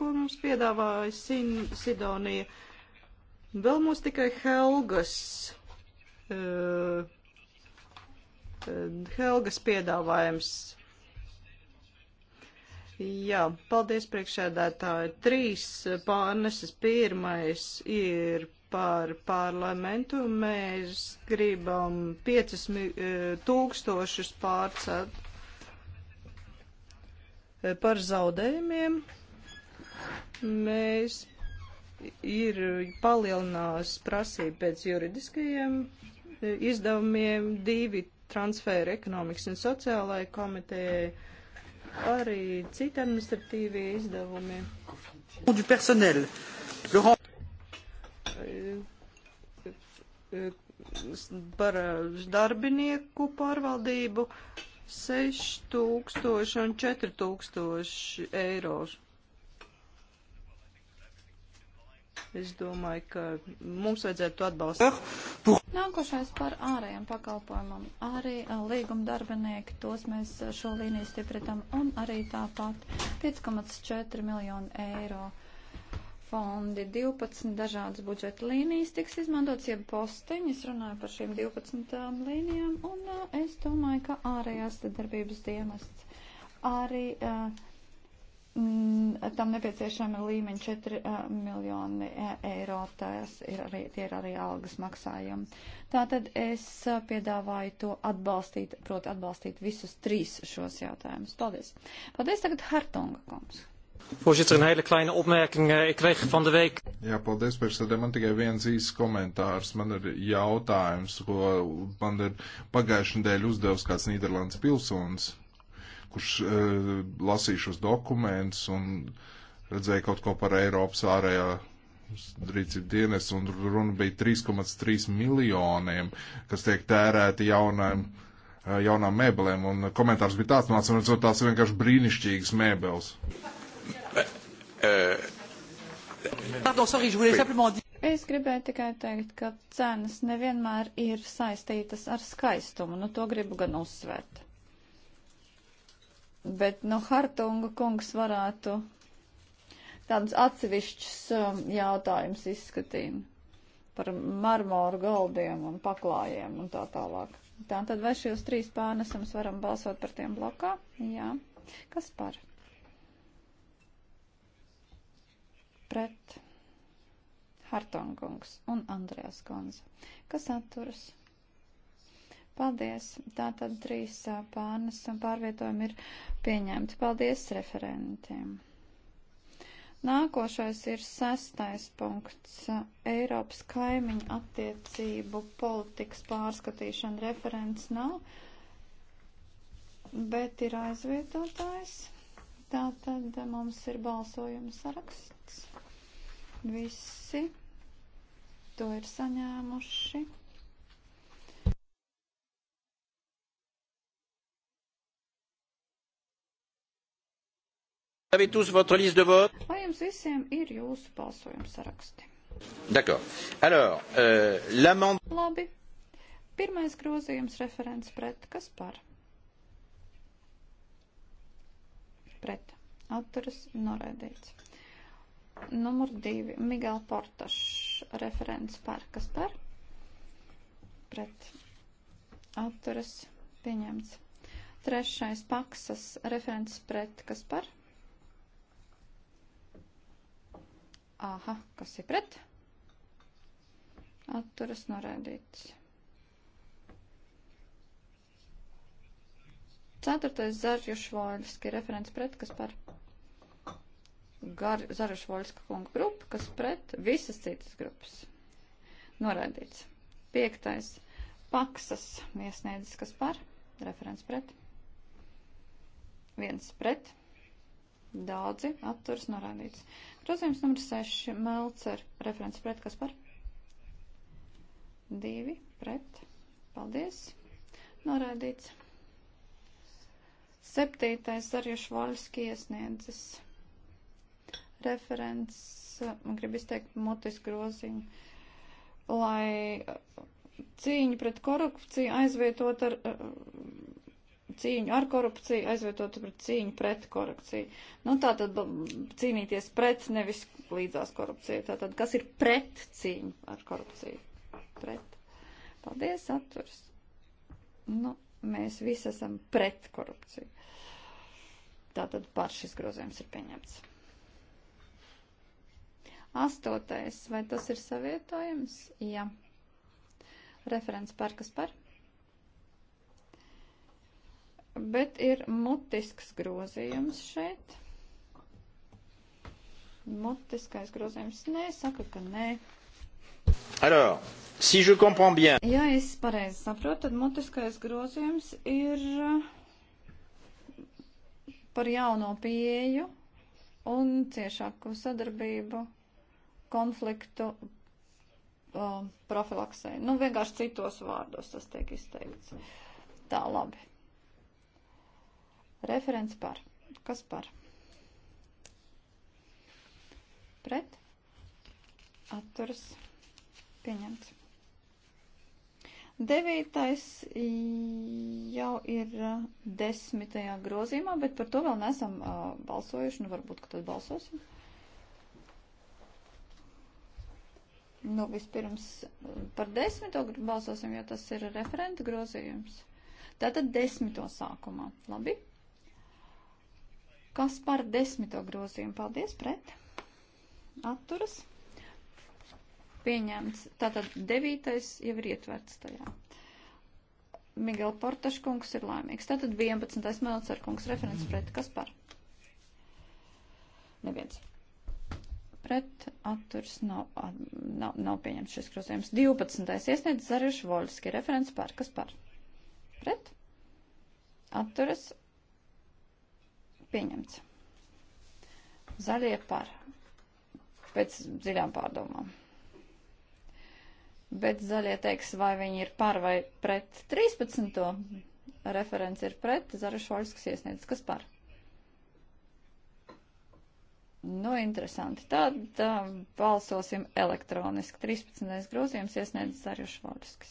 ko mums piedāvāja Sin, Sidonija. Vēl mums tikai Helgas. Uh, Helgas piedāvājums. Jā, paldies priekšēdētāji. Trīs pārneses. Pirmais ir par parlamentu. Mēs gribam 5 e, tūkstošus pārcelt e, par zaudējumiem. Mēs ir palielinās prasība pēc juridiskajiem e, izdevumiem divi transferi ekonomikas un sociālajai komitejai, arī citi administratīvie izdevumi. Du personnel. Laurent par darbinieku pārvaldību 6000 un 4000 eiro. Es domāju, ka mums vajadzētu to atbalstīt. Nākošais par ārējiem pakalpojumam. Arī eh, līguma darbinieki, tos mēs eh, šo līniju stiprinam, un arī tāpat 5,4 miljonu eiro fondi, 12 dažādas budžeta līnijas tiks izmantots, jeb posteņi. Es runāju par šīm 12 līnijām, un uh, es domāju, ka ārējās darbības dienests arī uh, mm, tam nepieciešami līmeņi 4 uh, miljoni e, eiro, tās ir arī, tie ir arī algas maksājumi. Tātad es uh, piedāvāju to atbalstīt, proti atbalstīt visus trīs šos jautājumus. Paldies. Paldies tagad Hartonga kungs. Voorzitter, een hele kleine opmerking. Eh, ik kreeg van de week. Jā, paldies, priekšsēdē. Man tikai viens īsts komentārs. Man ir jautājums, ko man ir pagājušajā nedēļā uzdevis kāds Nīderlandes pilsonis, kurš uh, lasīja šos dokumentus un redzēja kaut ko par Eiropas ārējā rīcību dienestu, un runa bija 3,3 miljoniem, kas tiek tērēti jaunajam eh, jaunām mēbelēm, un komentārs bija tāds, mācot, tās vienkārši brīnišķīgas mēbeles. Euh, es gribēju tikai teikt, ka cenas nevienmēr ir saistītas ar skaistumu, nu to gribu gan uzsvērt. Bet, nu, Hartunga kungs varētu tādus atsevišķus um, jautājumus izskatīt par marmoru galdiem un paklājiem un tā tālāk. Tā tad vai šos trīs pārnesums varam balsot par tiem blokā? Jā. Kas par? pret Hartongungs un Andrēs Konze. Kas atturas? Paldies. Tātad trīs pārnes un pārvietojumi ir pieņemti. Paldies referentiem. Nākošais ir sestais punkts - Eiropas kaimiņu attiecību politikas pārskatīšana. Referents nav, bet ir aizvietotājs. Tātad mums ir balsojuma saraksts. Visi to ir saņēmuši. Vai jums visiem ir jūsu balsojuma saraksti? D'accord. Alors, euh, l'amende. Labi. Pirmais grozījums referents pret. Kas par? Pret. Atturas noraidīts numur divi Miguel Portašs referents par kas par pret atturas pieņemts. Trešais paksas referents pret kas par. Aha, kas ir pret? Atturas norādīts. Ceturtais zaļš voļiski referents pret kas par. Zarašvoļska kunga grupa, kas pret visas citas grupas. Noraidīts. Piektais. Paksas iesniedzis, kas par. Referents pret. Viens pret. Daudzi atturs norādīts. Grozījums numur 6. Melcer. Referents pret, kas par. Divi pret. Paldies. Norādīts. Septītais Zarašvoļska iesniedzis. Referents grib izteikt mutisku grozīmu, lai cīņa pret korupciju aizvietot ar cīņu ar korupciju, aizvietot pret cīņu pret korupciju. Nu, tā tad cīnīties pret, nevis līdzās korupcijai. Tā tad, kas ir pret cīņu ar korupciju? Pret. Paldies, atvers. Nu, mēs visi esam pret korupciju. Tātad par šis grozījums ir pieņemts. Astotais, vai tas ir savietojams? Jā. Referents par kas par? Bet ir mutisks grozījums šeit. Mutiskais grozījums nē, saka, ka nē. Alors, si je comprends bien. Ja es pareizi saprotu, tad mutiskais grozījums ir eh, par jauno pieeju un ciešāku sadarbību konfliktu uh, profilaksē. Nu, vienkārši citos vārdos tas tiek izteikts. Tā labi. Referents par. Kas par? Pret. Atturas. Pieņemts. Devītais jau ir uh, desmitajā grozījumā, bet par to vēl nesam uh, balsojuši. Nu, varbūt, ka tad balsosim. Uh, Nu, vispirms eh, par desmito balsosim, jo tas ir referenta grozījums. Tātad desmito sākumā. Labi. Kas par desmito grozījumu? Paldies, pret. Atturas. Pieņemts. Tātad devītais jau ir ietverts tajā. Miguel Portaškungs ir laimīgs. Tātad 11. Melcerkungs referents pret. Kas par? Neviens pret atturs nav, nav, nav pieņemts šis grozījums. 12. iesniedz Zariš Voļski, referents par, kas par? Pret atturas pieņemts. Zaļie par, pēc dziļām pārdomām. Bet zaļie teiks, vai viņi ir par vai pret 13. referents ir pret, Zariš Voļskis iesniedz, kas par? Nu, interesanti. Tad uh, balsosim elektroniski. 13. grozījums iesniedz Zariuš Vārskis.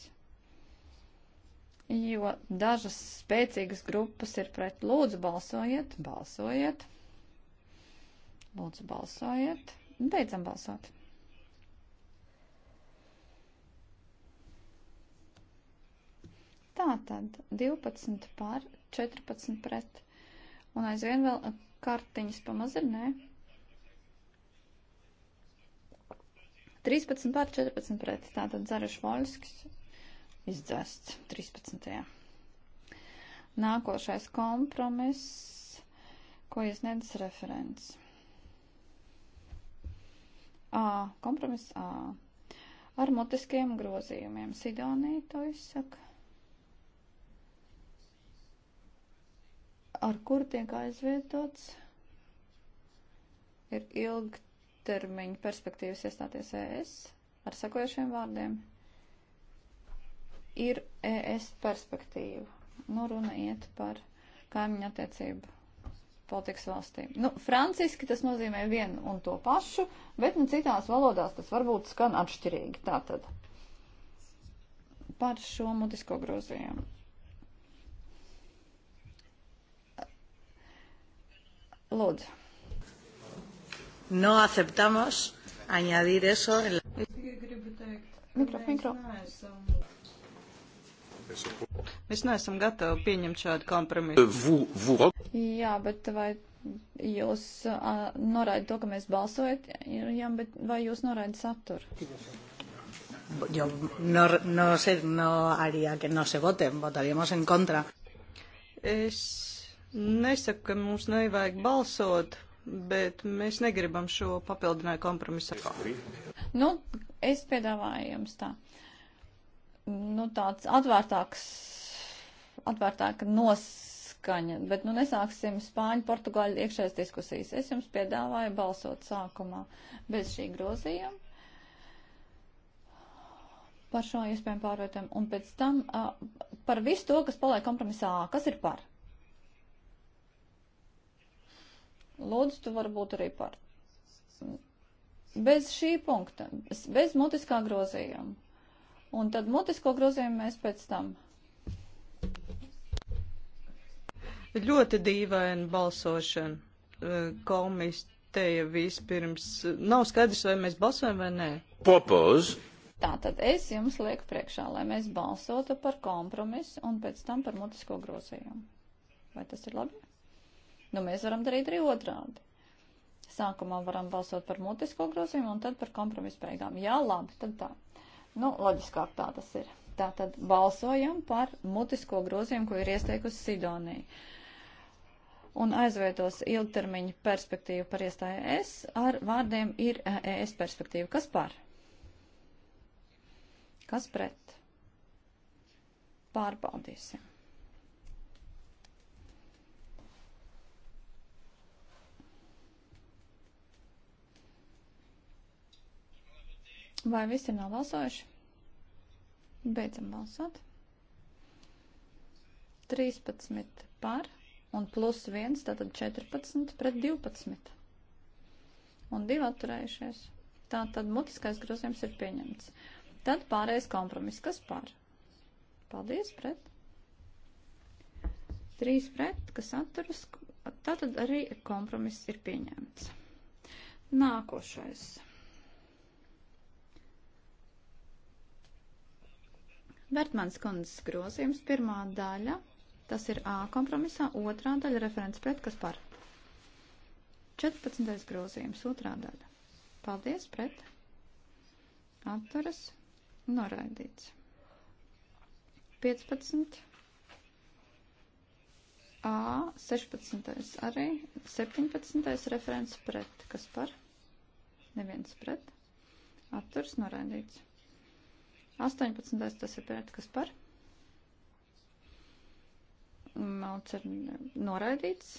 Jo dažas spēcīgas grupas ir pret lūdzu balsojiet, balsojiet, lūdzu balsojiet, beidzam balsot. Tā tad 12 pār 14 pret. Un aizvien vēl kartiņas pamazir, nē. 13 pār 14 pret. Tātad Zaraš Voļskis izdzēsts 13. Nākošais kompromiss, ko iesniedz referents. A, kompromiss A. Ar mutiskiem grozījumiem. Sidonija to izsaka. Ar kur tiek aizvietots? Ir ilgi ilgtermiņa perspektīvas iestāties ES ar sakojušiem vārdiem ir ES perspektīva. Nu, runa iet par kaimiņu attiecību politikas valstīm. Nu, franciski tas nozīmē vienu un to pašu, bet nu, citās valodās tas varbūt skan atšķirīgi. Tātad par šo mutisko grozījumu. Lūdzu no aceptamos añadir eso en la... Mikro, mikro. Mēs neesam gatavi pieņemt šādu kompromisu. Eh, jā, bet vai jūs uh, noraidat to, ka mēs balsojat, jā, bet vai jūs noraidat saturu? Yo no, no, sé, no haría que no se voten, votaríamos en contra. Es nesaku, ka mums nevajag balsot, bet mēs negribam šo papildināju kompromisu. Nu, es piedāvāju jums tā. Nu, tāds atvērtāks, atvērtāka noskaņa, bet nu nesāksim Spāņu, Portugāļu iekšējās diskusijas. Es jums piedāvāju balsot sākumā bez šī grozījuma par šo iespējumu pārvietojumu un pēc tam uh, par visu to, kas paliek kompromisā, kas ir par. Lūdzu, tu varbūt arī par. Bez šī punkta, bez mutiskā grozījuma. Un tad mutisko grozījumu mēs pēc tam. Ļoti dīvaina balsošana. E, Komisteja vispirms. Nav skaidrs, vai mēs balsojam vai nē. Popos. Tātad es jums lieku priekšā, lai mēs balsotu par kompromisu un pēc tam par mutisko grozījumu. Vai tas ir labi? Nu, mēs varam darīt arī otrādi. Sākumā varam balsot par mutisko grozījumu un tad par kompromisu beigām. Jā, labi, tad tā. Nu, loģiskāk tā tas ir. Tā tad balsojam par mutisko grozījumu, ko ir iesteikusi Sidonija. Un aizvietos ilgtermiņa perspektīvu par iestāju ES ar vārdiem ir ES eh, e perspektīva. Kas par? Kas pret? Pārbaudīsim. Vai visi ir nobalsojuši? Beidzam balsot. 13 par un plus 1, tātad 14 pret 12. Un 2 atturējušies. Tātad mutiskais grozījums ir pieņemts. Tad pārējais kompromiss. Kas par? Paldies pret. 3 pret, kas atturas. Tātad arī kompromiss ir pieņemts. Nākošais. Vertmans kundzes grozījums, pirmā daļa, tas ir A kompromisā, otrā daļa referents pret, kas par. 14. grozījums, otrā daļa. Paldies, pret. Atturas, noraidīts. 15. A, 16. arī, 17. referents pret, kas par. Neviens pret. Atturas, noraidīts. 18. tas ir pret, kas par. Malts ir noraidīts.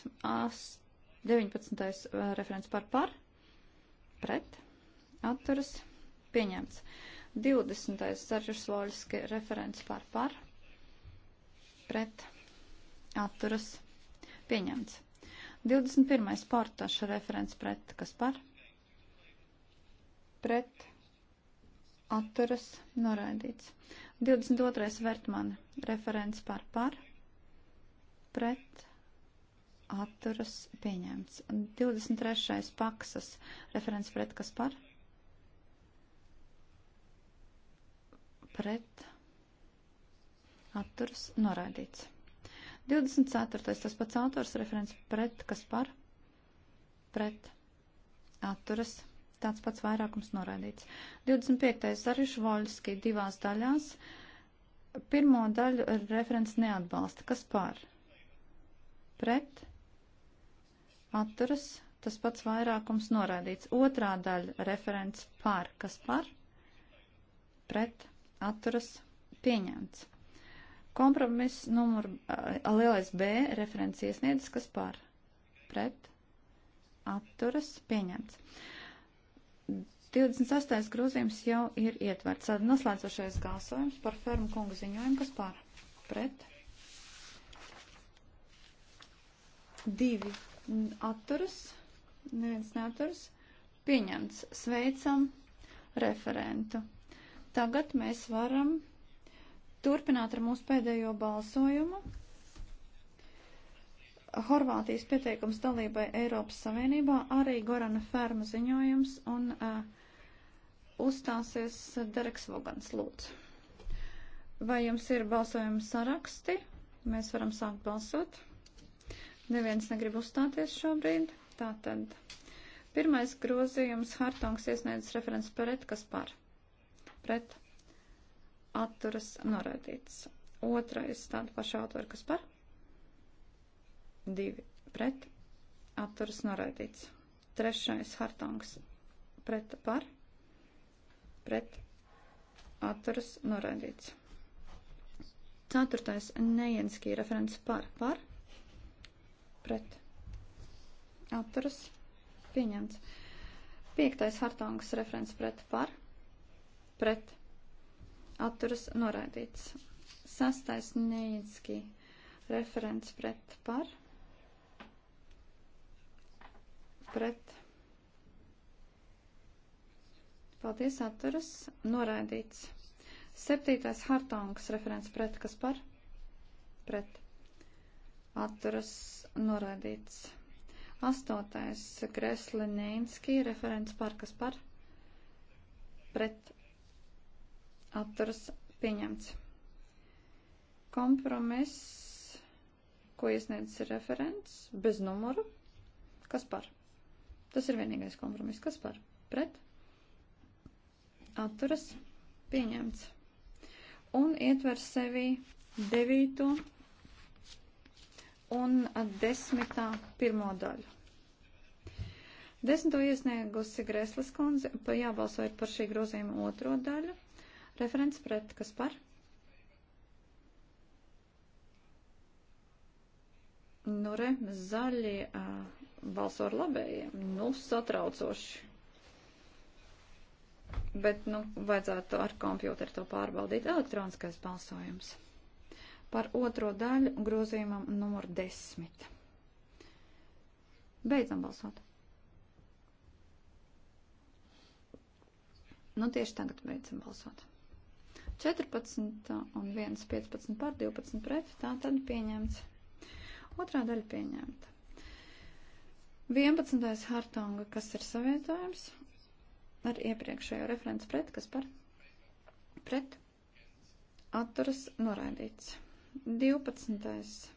19. Eh, referents par par. Pret. Atturas. Pieņemts. 20. Saržas Voļski referents par par. Pret. Atturas. Pieņemts. 21. sportaša referents pret kas par? Pret atturas noraidīts. 22. Vertmani, referents par par, pret, atturas pieņemts. 23. Paksas, referents pret kas par, pret, atturas noraidīts. 24. tas pats autors, referents pret kas par, pret, atturas pieņemts tāds pats vairākums noraidīts. 25. Zarišu Voļski divās daļās. Pirmo daļu referents neatbalsta. Kas pār? Pret? Atturas? Tas pats vairākums noraidīts. Otrā daļa referents pār. Kas par? Pret? Atturas? Pieņemts. Kompromiss numur a, lielais B referents iesniedzis. Kas par? Pret? Atturas? Pieņemts. 28. grozījums jau ir ietverts. Noslēdzošais balsojums par fermu kungu ziņojumu, kas pār pret. Divi atturas, neviens neaturas. Pieņemts. Sveicam referentu. Tagad mēs varam turpināt ar mūsu pēdējo balsojumu. Horvātijas pieteikums dalībai Eiropas Savienībā arī Gorana Ferma ziņojums un uh, uzstāsies Dereks Vogans, lūdzu. Vai jums ir balsojuma saraksti? Mēs varam sākt balsot. Neviens negrib uzstāties šobrīd. Tātad pirmais grozījums Hartongs iesniedzis referents pret, kas par? Pret atturas norādīts. Otrais tāda paša autora, kas par? Divi pret atturas norādīts. Trešais Hartongs pret par? pret atturas noraidīts. Ceturtais Nejenskī referents par, par, pret atturas pieņemts. Piektais Hartongas referents pret par, pret atturas noraidīts. Sastais Nejenskī referents pret par, pret Paldies, atturas. Noraidīts. Septītais hartongas referents pret, kas par? Pret. Atturas. Noraidīts. Astotais Kresli Neinski referents par, kas par? Pret. Atturas. Pieņemts. Kompromiss, ko iesniedz referents, bez numuru. Kas par? Tas ir vienīgais kompromiss. Kas par? Pret atturas pieņemts. Un ietver sevi 9. un 10. pirmo daļu. Desmito iesniegusi Greslas kundze, pa jābalso ir par šī grozījuma otro daļu. Referents pret, kas par? Nu, re, zaļie uh, balso ar labējiem. Nu, satraucoši bet, nu, vajadzētu ar kompjūteru to pārbaudīt. Elektroniskais balsojums par otro daļu grozījumam numur 10. Beidzam balsot. Nu, tieši tagad beidzam balsot. 14 un 1, 15 pār 12 pret, tā tad pieņemts. Otrā daļa pieņemta. 11. hartonga, kas ir savietojums, ar iepriekšējo referents pret, kas par pret atturas noraidīts. 12.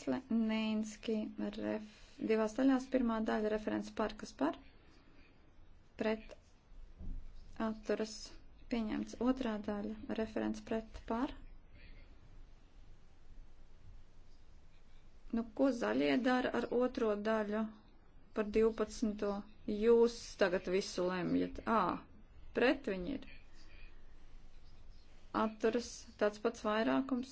Slenīnski ref, divās daļās pirmā daļa referents par, kas par pret atturas pieņemts. Otrā daļa referents pret par. Nu, ko zaļie dara ar otro daļu par 12 jūs tagad visu lemjat. Ā, pret viņi ir. Atturas tāds pats vairākums.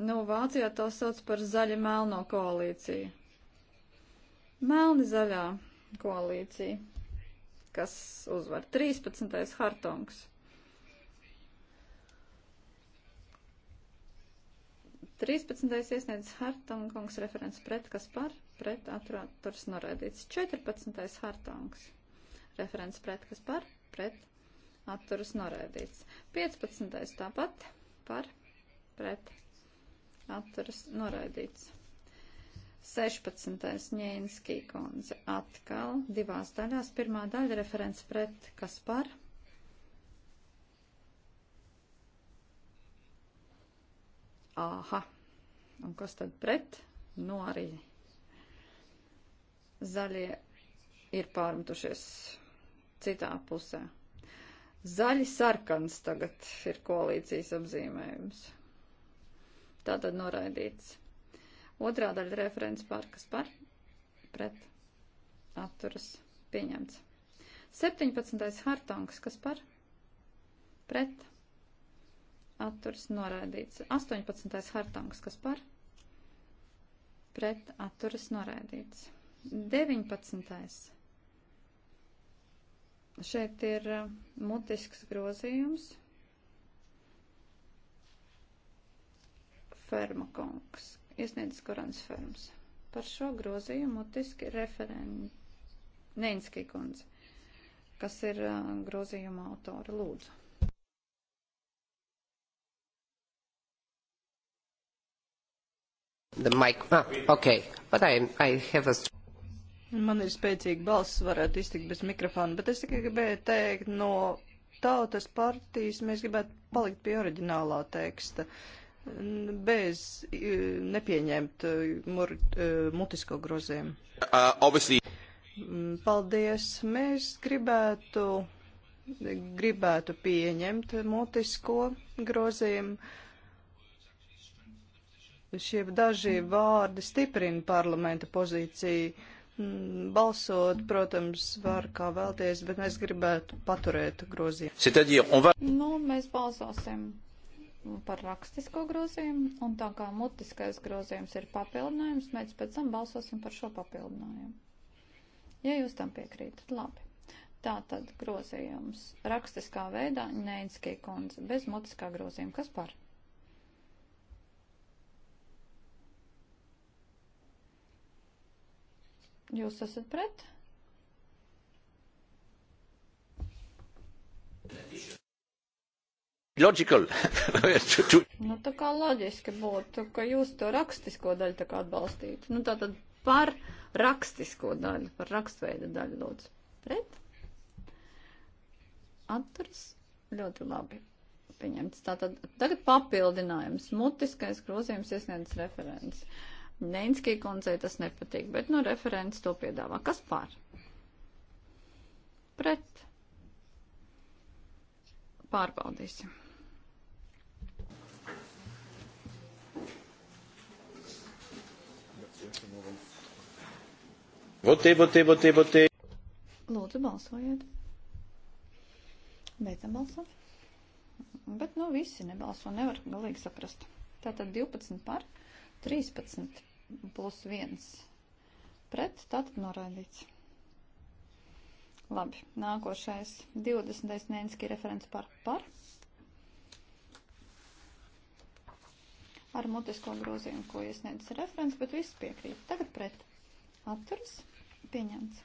Nu, Vācijā to sauc par zaļa melno koalīciju. Melni zaļā koalīcija, kas uzvar 13. hartongs. 13. iesniedz Hartungs referents pret, kas par, pret atturas norēdīts. 14. Hartungs referents pret, kas par, pret atturas norēdīts. 15. tāpat par, pret atturas norēdīts. 16. Ņēnskī kundze atkal divās daļās. Pirmā daļa referents pret, kas par, AH. Un kas tad pret? Nu arī zaļie ir pārmetušies citā pusē. Zaļi sarkans tagad ir koalīcijas apzīmējums. Tā tad noraidīts. Otrā daļa referents par, kas par? Pret. Atturas. Pieņemts. 17. hartongs, kas par? Pret atturs noraidīts. 18. hartangs, kas par pret atturas noraidīts. 19. Šeit ir uh, mutisks grozījums. Ferma kungs, iesniedzis Korans Ferms. Par šo grozījumu mutiski referenti Neinskī kundze, kas ir uh, grozījuma autora lūdzu. The mic. Ah, okay. But I, I have a... Man ir spēcīga balss, varētu iztikt bez mikrofona, bet es tikai gribēju teikt, no tautas partijas mēs gribētu palikt pie oriģinālā teksta, bez eh, nepieņemt eh, mur, eh, mutisko grozījumu. Uh, obviously. Mm, paldies. Mēs gribētu, gribētu pieņemt mutisko grozījumu šie daži vārdi stiprina parlamenta pozīciju. Mm, balsot, protams, var kā vēlties, bet mēs gribētu paturēt grozījumu. Va... Nu, mēs balsosim par rakstisko grozījumu, un tā kā mutiskais grozījums ir papildinājums, mēs pēc tam balsosim par šo papildinājumu. Ja jūs tam piekrītat, labi. Tā tad grozījums rakstiskā veidā Neinskī kundze bez mutiskā grozījuma. Kas par? Jūs esat pret? Logical. nu, tā kā loģiski būtu, ka jūs to rakstisko daļu tā kā atbalstītu. Nu, tā tad par rakstisko daļu, par rakstveida daļu lūdzu. Pret? Atturas? Ļoti labi. Pieņemts. Tātad tagad papildinājums. Mutiskais grozījums iesniedz referents. Uh, Neinskī kundzei tas nepatīk, bet nu referents to piedāvā. Kas pār? Pret. Pārbaudīsim. Votē, votē, votē, votē. Lūdzu, balsojiet. Beidzam balsot. Bet, nu, visi nebalso, nevar galīgi saprast. Tātad 12 par, 13 plus 1 pret, tātad noraidīts. Labi, nākošais 20. Nienski referents par par. Ar mutisko grozījumu, ko iesniedz referents, bet viss piekrīt. Tagad pret. Atturs. Pieņemts.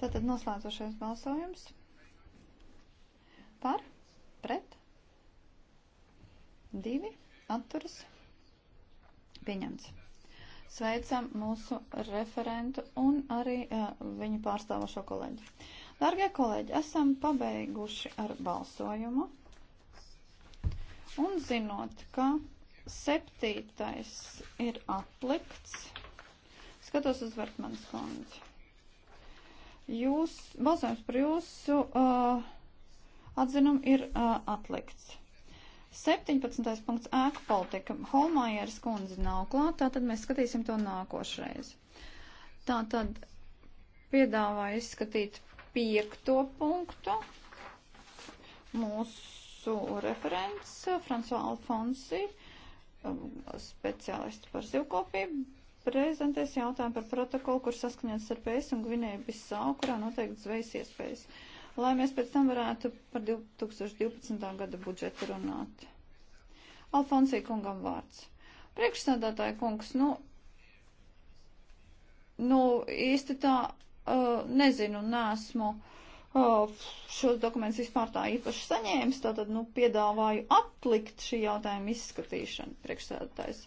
Tātad noslēdzošais balsojums. Par. Pret. Divi. Atturs pieņemts. Sveicam mūsu referentu un arī uh, viņu pārstāvošo kolēģi. Dargie kolēģi, esam pabeiguši ar balsojumu. Un zinot, ka septītais ir atlikts, skatos uz Vertmanas kundzi. Jūs, balsojums par jūsu uh, atzinumu ir uh, atlikts. 17. punkts - ēku politika. Holmājers kundze nav klāt, tātad mēs skatīsim to nākošreiz. Tātad piedāvāju izskatīt piekto punktu. Mūsu referents eh, Franso Alfonsi, eh, speciālists par zivkopību, prezentēs jautājumu par protokolu, kur saskaņots ar PS un Gvinēju Bisau, kurā noteikti zvejas iespējas. Uh, lai mēs pēc tam varētu par 2012. gada budžetu runāt. Alfonsija kungam vārds. Priekšsādātāja kungs, nu, nu īsti tā uh, nezinu, nesmu uh, šos dokumentus vispār tā īpaši saņēmis, tātad, nu, piedāvāju atlikt šī jautājuma izskatīšanu priekšsēdētājs.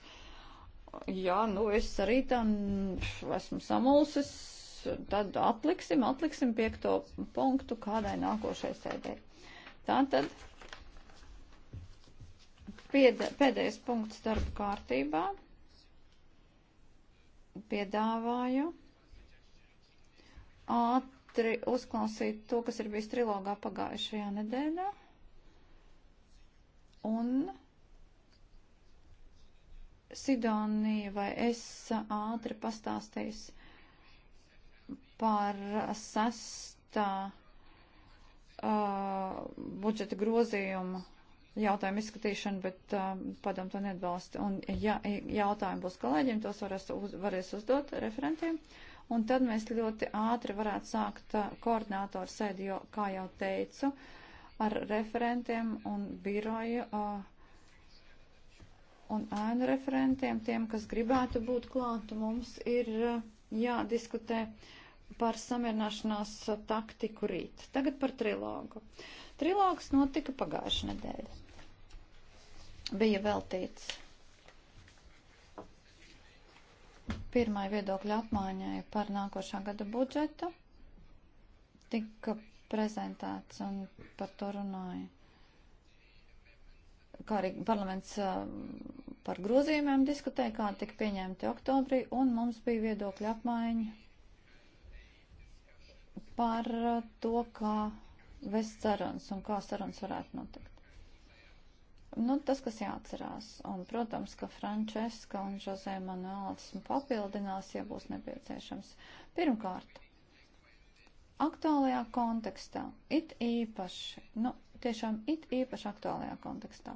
Jā, nu, es arī tam esmu samulsis, tad atliksim, atliksim piekto punktu kādai nākošai sēdē. Tātad pēdējais punkts darba kārtībā. Piedāvāju ātri uzklausīt to, kas ir bijis trilogā pagājušajā nedēļā. Un Sidonija vai es ātri pastāstīšu par sestā uh, budžeta grozījumu jautājumu izskatīšanu, bet uh, padom to neatbalsta. Un ja jautājumi būs kolēģiem, tos varas, uz, varēs uzdot referentiem. Un tad mēs ļoti ātri varētu sākt uh, koordinātoru sēdi, jo, kā jau teicu, ar referentiem un biroju uh, un ēnu referentiem, tiem, kas gribētu būt klāt, mums ir uh, jādiskutē. Uh, par samierināšanās taktiku rīt. Tagad par trilogu. Trilogs notika pagājušajā nedēļā. Bija veltīts pirmai viedokļa apmaiņai par nākošā gada budžetu. Tika prezentēts un par to runāja. Kā arī parlaments par grozījumiem diskutēja, kā tika pieņemti oktobrī, un mums bija viedokļa apmaiņa par eh, to, kā vest sarunas un kā sarunas varētu notikt. Nu, tas, kas jāatcerās, un, protams, ka Frančeska un Žozē Manuēls papildinās, ja būs nepieciešams. Pirmkārt, aktuālajā kontekstā, it īpaši, nu, tiešām it īpaši aktuālajā kontekstā,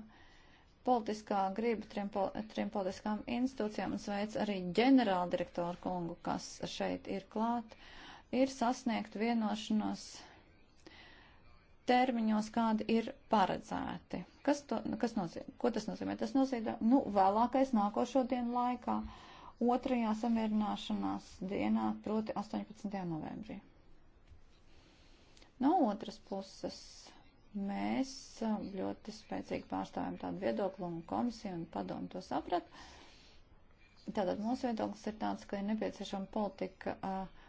politiskā griba trim, pol trim politiskām institūcijām sveic arī ģenerāldirektoru kungu, kas šeit ir klāt. Uh, ir sasniegt vienošanos termiņos, kādi ir paredzēti. Kas, to, kas nozīmē? Ko tas nozīmē? Tas nozīmē, nu, vēlākais nākošo dienu laikā, otrajā samierināšanās dienā, proti 18. novembrī. No otras puses, mēs ļoti spēcīgi pārstāvjam tādu viedokli un komisiju un padomu to saprat. Tātad mūsu viedoklis ir tāds, ka ir nepieciešama politika. Uh,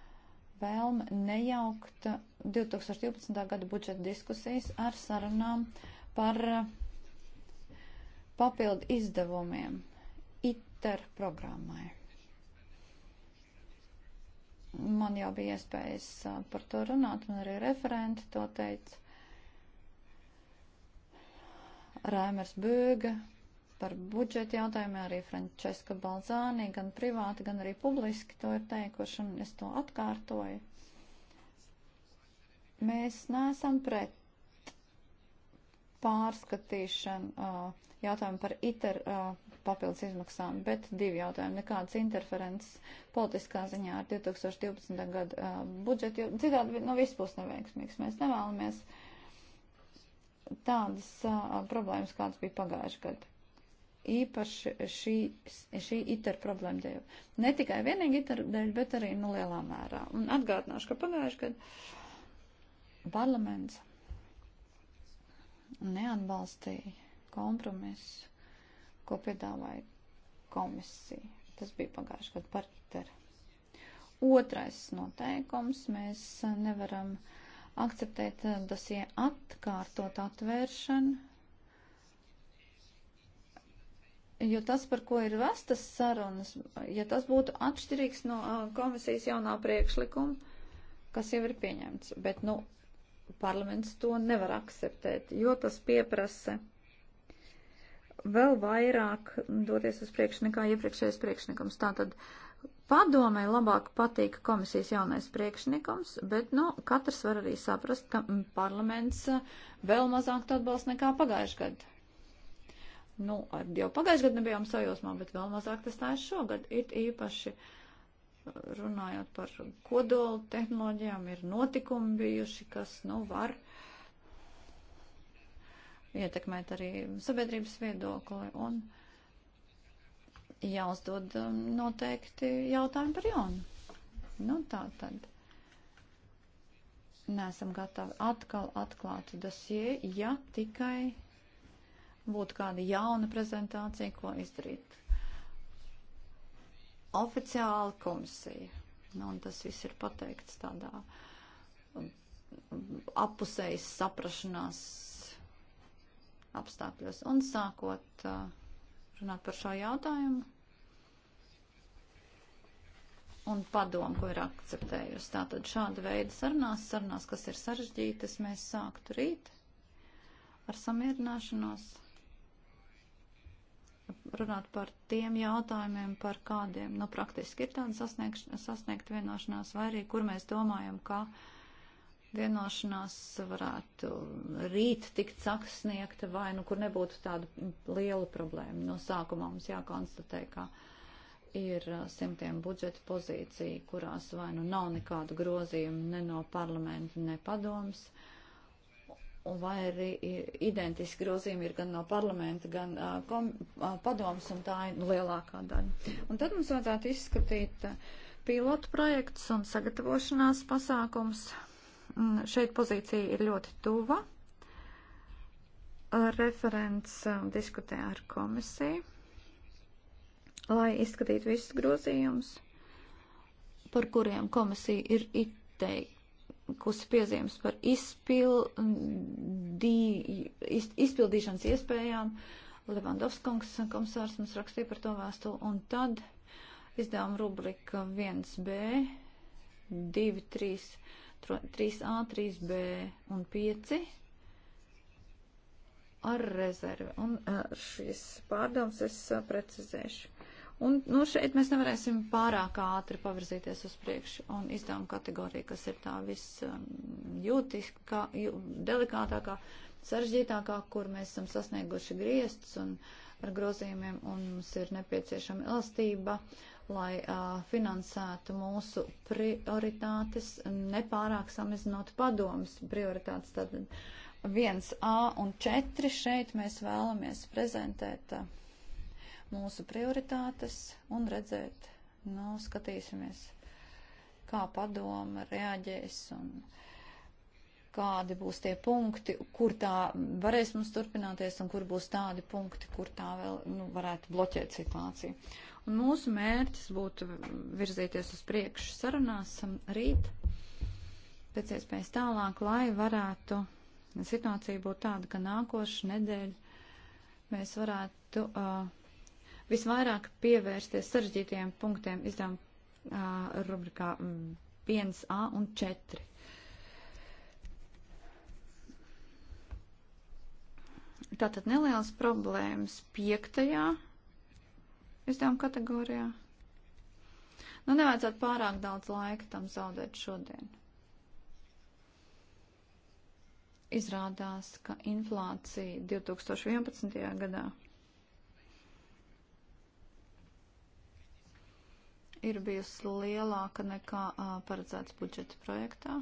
vēlme nejaukt 2012. gada budžeta diskusijas ar sarunām par eh, papildu izdevumiem ITER programmai. Man jau bija iespējas eh, par to runāt, un arī referenti to teica. Rēmers Bēga, par budžeta jautājumiem arī Frančeska Balzāni, gan privāti, gan arī publiski to ir teikuši, un es to atkārtoju. Mēs neesam pret pārskatīšanu uh, jautājumu par ITER uh, papildus izmaksām, bet divi jautājumi. Nekādas interferences politiskā ziņā ar 2012. gadu uh, budžetu, jo citādi no vispus neveiksmīgs. Mēs nevēlamies tādas problēmas, kādas bija pagājuši gadu īpaši šī, šī ITER problēma dēļ. Ne tikai vienīgi ITER dēļ, bet arī nu lielā mērā. Un atgādināšu, ka pagājuši gadu parlaments neatbalstīja kompromisu, ko piedāvāja komisija. Tas bija pagājuši gadu par ITER. Otrais noteikums mēs nevaram akceptēt eh, dosie atkārtot atvēršanu Jo tas, par ko ir vestas sarunas, ja tas būtu atšķirīgs no komisijas jaunā priekšlikuma, kas jau ir pieņemts, bet, nu, parlaments to nevar akceptēt, jo tas pieprasa vēl vairāk doties uz priekšu nekā iepriekšējais priekšnikums. Tātad padomē labāk patīk komisijas jaunais priekšnikums, bet, nu, katrs var arī saprast, ka mm, parlaments vēl mazāk to atbalsta nekā pagājušajā gadā. Nu, ar, jau pagājušajā gadā nebijām sajūsmā, bet vēl mazāk tas tā ir šogad. It īpaši uh, runājot par kodolu tehnoloģijām, ir notikumi bijuši, kas, nu, var ietekmēt arī sabiedrības viedokli un jāuzdod um, noteikti jautājumi par jaunu. Nu, tā tad. Nesam gatavi atkal atklāt dosie, ja tikai būtu kāda jauna prezentācija, ko izdarīt oficiāli komisija. Nu, un tas viss ir pateikts tādā um, apusējas saprašanās apstākļos. Un sākot uh, runāt par šo jautājumu un padomu, ko ir akceptējusi. Tātad šāda veida sarunās, sarunās, kas ir sarežģītas, mēs sāktu rīt ar samierināšanos runāt par tiem jautājumiem, par kādiem, nu, praktiski ir tāda sasniegta sasniegt vienošanās, vai arī kur mēs domājam, ka vienošanās varētu rīt tikt sasniegta, vai nu, kur nebūtu tāda liela problēma. No sākumā mums jākonstatē, ka ir simtiem budžeta pozīciju, kurās vai nu nav nekādu grozījumu ne no parlamenta, ne padomas. Uh, vai arī identiski grozījumi ir gan no parlamenta, gan uh, kom, uh, padomas, un tā ir lielākā daļa. Un tad mums vajadzētu izskatīt pilotu projekts un sagatavošanās pasākums. Un šeit pozīcija ir ļoti tuva. Referents diskutē ar komisiju, lai izskatītu visus grozījumus, par kuriem komisija ir iteikta kusi piezīmes par izpildī, iz, izpildīšanas iespējām. Levandovskungs komisārs mums rakstīja par to vēstuli, un tad izdevuma rubrika 1B, 2, 3, 3A, 3B un 5 ar rezervi. Un eh, šīs pārdomas es eh, precizēšu. Un nu, šeit mēs nevarēsim pārāk ātri pavirzīties uz priekšu. Un izdevuma kategorija, kas ir tā visjūtīgākā, delikātākā, sarežģītākā, kur mēs esam sasnieguši griestus un ar grozījumiem, un mums ir nepieciešama elastība, lai uh, finansētu mūsu prioritātes, nepārāk samazinot padomus prioritātes. Tad 1A un 4 šeit mēs vēlamies prezentēt. Uh, mūsu prioritātes un redzēt, nu, skatīsimies, kā padoma reaģēs un kādi būs tie punkti, kur tā varēs mums turpināties un kur būs tādi punkti, kur tā vēl nu, varētu bloķēt situāciju. Un mūsu mērķis būtu virzīties uz priekšu sarunās um, rīt, pēc iespējas tālāk, lai varētu situācija būtu tāda, ka nākošu nedēļu mēs varētu uh, visvairāk pievērsties sarežģītajiem punktiem izdevuma rubrikā 1A un 4. Tātad nelielas problēmas piektajā izdevuma kategorijā. Nu, nevajadzētu pārāk daudz laika tam zaudēt šodien. Izrādās, ka inflācija 2011. gadā ir bijusi lielāka nekā uh, paredzēts budžeta projektā.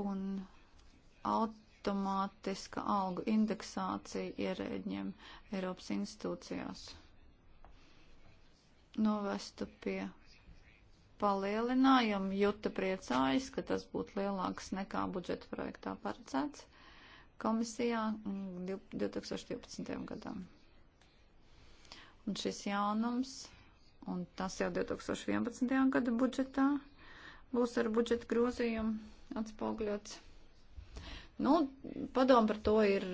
Un automātiska algu indeksācija ierēģiem Eiropas institūcijās novestu pie palielinājumu. Juta priecājas, ka tas būtu lielāks nekā budžeta projektā paredzēts komisijā 2012. Mm, gadam. Un šis jaunums un tas jau 2011. gada budžetā būs ar budžeta grozījumu atspoguļots. Nu, padomu par to ir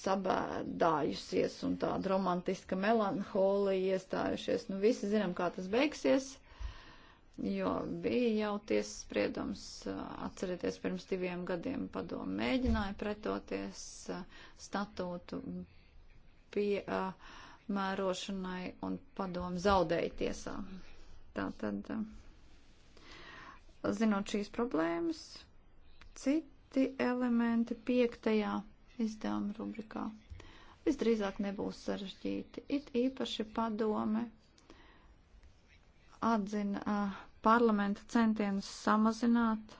sabēdājusies un tāda romantiska melanholija iestājušies. Nu, visi zinām, kā tas beigsies, jo bija jau tiesas spriedums, atcerieties, pirms diviem gadiem padomu mēģināja pretoties statūtu pie. Uh, mērošanai un padomu zaudēja tiesā. Tātad, eh, zinot šīs problēmas, citi elementi piektajā izdevuma rubrikā visdrīzāk nebūs sarežģīti. It īpaši padome atzina uh, parlamenta centienus samazināt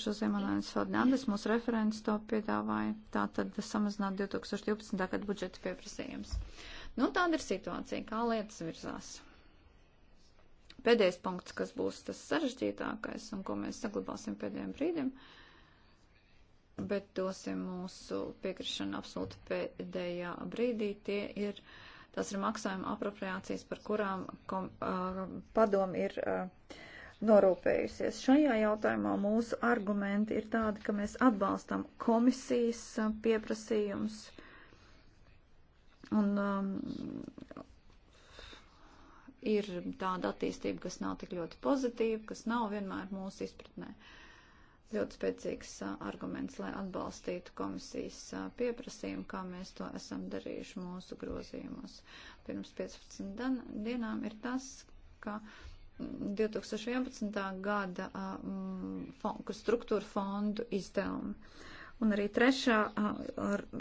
Žozē Manuēlis Fernandes, mūsu referents to piedāvāja, tā tad samazināt 2012. gada budžeta pieprasījums. Nu, tāda ir situācija, kā lietas virzās. Pēdējais punkts, kas būs tas sarežģītākais un ko mēs saglabāsim pēdējiem brīdim, bet dosim mūsu piekrišanu absolūti pēdējā brīdī, tie ir, tas ir maksājuma apropriācijas, par kurām kom, uh, padom ir. Uh, norūpējusies. Šajā jautājumā mūsu argumenti ir tādi, ka mēs atbalstam komisijas um, pieprasījums un um, ir tāda attīstība, kas nav tik ļoti pozitīva, kas nav vienmēr mūsu izpratnē. Ļoti spēcīgs a, uh, arguments, lai atbalstītu komisijas a, uh, pieprasījumu, kā mēs to esam darījuši mūsu grozījumos. Pirms 15 dienām ir tas, ka 2011. gada mm, fondu, struktūra fondu izdevumi. Un arī trešā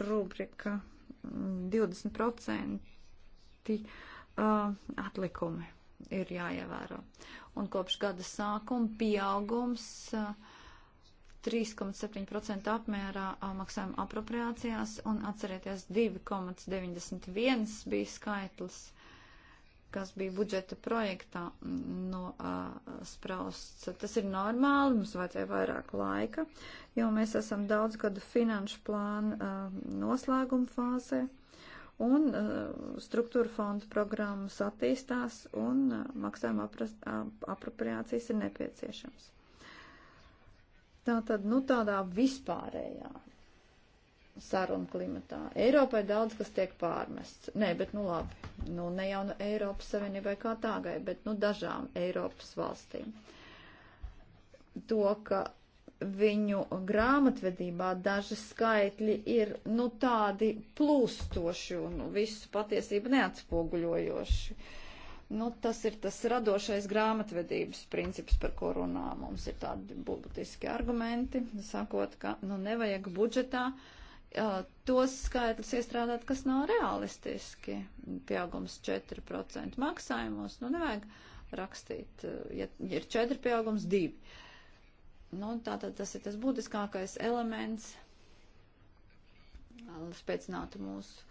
rubrika 20% mm, atlikumi ir jāievēro. Un kopš gada sākuma pieaugums 3,7% apmērā maksājuma apropriācijās un atcerieties 2,91 bija skaitlis kas bija budžeta projektā mm, nosprausts. Uh, Tas ir normāli, mums vajadzēja vairāk laika, jo mēs esam daudz gadu finanšu plānu uh, noslēguma fāzē. Un uh, struktūra fondu programmas attīstās un uh, maksājuma apropriācijas ir nepieciešams. Tā tad, nu, tādā vispārējā sarunu klimatā. Eiropai daudz kas tiek pārmests. Nē, bet nu labi, nu ne jau no nu Eiropas Savienībai kā tāgai, bet nu dažām Eiropas valstīm. To, ka viņu grāmatvedībā daži skaitļi ir nu tādi plūstoši un visu patiesību neatspoguļojoši. Nu, tas ir tas radošais grāmatvedības princips, par ko runā. Mums ir tādi būtiski argumenti, sakot, ka nu, nevajag budžetā uh, tos skaitļus iestrādāt, kas nav realistiski. Pieaugums 4% maksājumos, nu nevajag rakstīt, ja ir 4 pieaugums 2. Nu, tātad tas ir tas būtiskākais elements, lai spēcinātu mūsu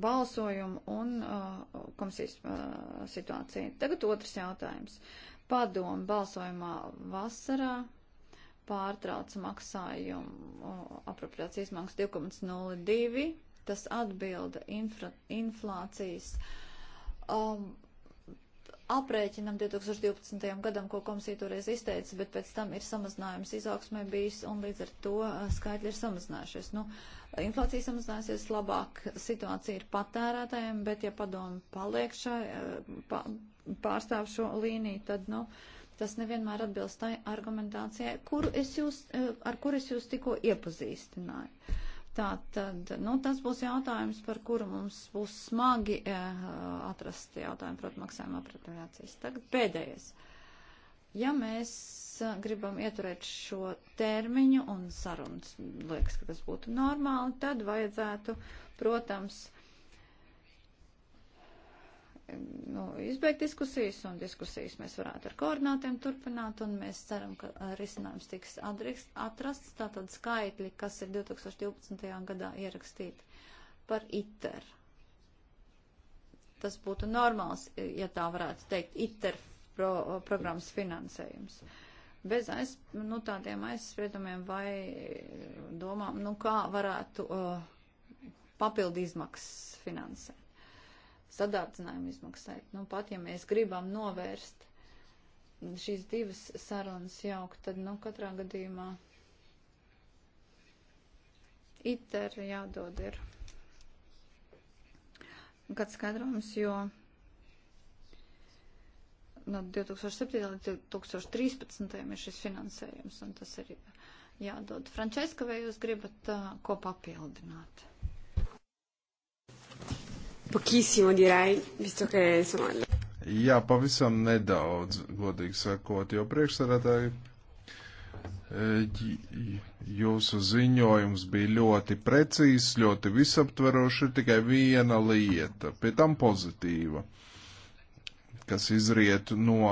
balsojumu un uh, komisijas uh, situāciju. Tagad otrs jautājums. Padomu balsojumā vasarā pārtrauc maksājumu apropriācijas maksu 2,02. Tas atbilda infra, inflācijas um, aprēķinam 2012. gadam, ko komisija toreiz izteica, bet pēc tam ir samazinājums izaugsmē bijis un līdz ar to uh, skaitļi ir samazinājušies. Nu, inflācija samazinājusies, labāk situācija ir patērētājiem, bet ja padomu paliek šai, uh, pārstāv šo līniju, tad, nu, uh, Tas nevienmēr atbilst tai argumentācijai, kuru es jūs, eh, ar kuru es jūs tikko iepazīstināju. Tā tad, nu, tas būs jautājums, par kuru mums būs smagi eh, atrast jautājumu, protams, maksājuma apropriācijas. Tagad pēdējais. Ja mēs eh, gribam ieturēt šo termiņu un sarunas, liekas, ka tas būtu normāli, tad vajadzētu, protams, eh, nu, izbeigt diskusijas, un diskusijas mēs varētu ar koordinātiem turpināt, un mēs ceram, ka uh, risinājums tiks adrikst, atrasts. Tātad skaitļi, kas ir 2012. gadā ierakstīti par ITER. Tas būtu normāls, ja tā varētu teikt, ITER pro, programmas finansējums. Bez aiz, nu, tādiem aizspriedumiem vai domām, nu, kā varētu uh, papildu izmaksas finansēt sadārdzinājumu izmaksai. Nu, pat ja mēs gribam novērst šīs divas sarunas jaukt, tad, nu, katrā gadījumā ITER jādod ir kāds skaidrojums, jo no 2007. līdz 2013. ir šis finansējums, un tas ir jādod. Frančeska, vai jūs gribat uh, ko papildināt? Pochissimo direi, visto che insomma... Jā, pavisam nedaudz, godīgi sakot, jo priekšsarētāji e, jūsu ziņojums bija ļoti precīzs, ļoti visaptveroši, ir tikai viena lieta, pie tam pozitīva, kas izriet no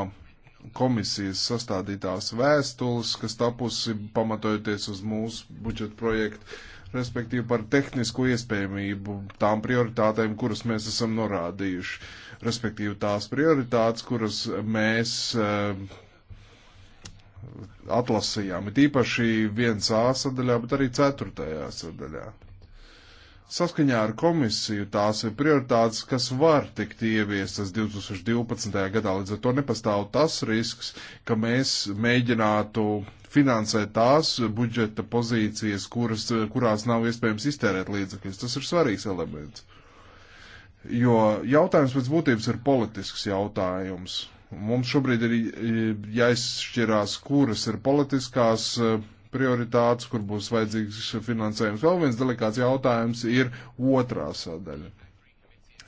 komisijas sastādītās vēstules, kas tapusi pamatojoties uz mūsu budžeta projektu respektīvi par tehnisko iespējamību tām prioritātēm, kuras mēs esam norādījuši, respektīvi tās prioritātes, kuras mēs eh, atlasījām, it īpaši 1A sadaļā, bet arī 4. sadaļā. Saskaņā ar komisiju tās ir prioritātes, kas var tikt ieviestas 2012. gadā, līdz ar to nepastāv tas risks, ka mēs mēģinātu finansēt tās budžeta pozīcijas, kuras, kurās nav iespējams iztērēt līdzekļus. Tas ir svarīgs elements. Jo jautājums pēc būtības ir politisks jautājums. Mums šobrīd ir eh, jāizšķirās, kuras ir politiskās uh, prioritātes, kur būs vajadzīgs finansējums. Vēl viens delikāts jautājums ir otrā sadaļa.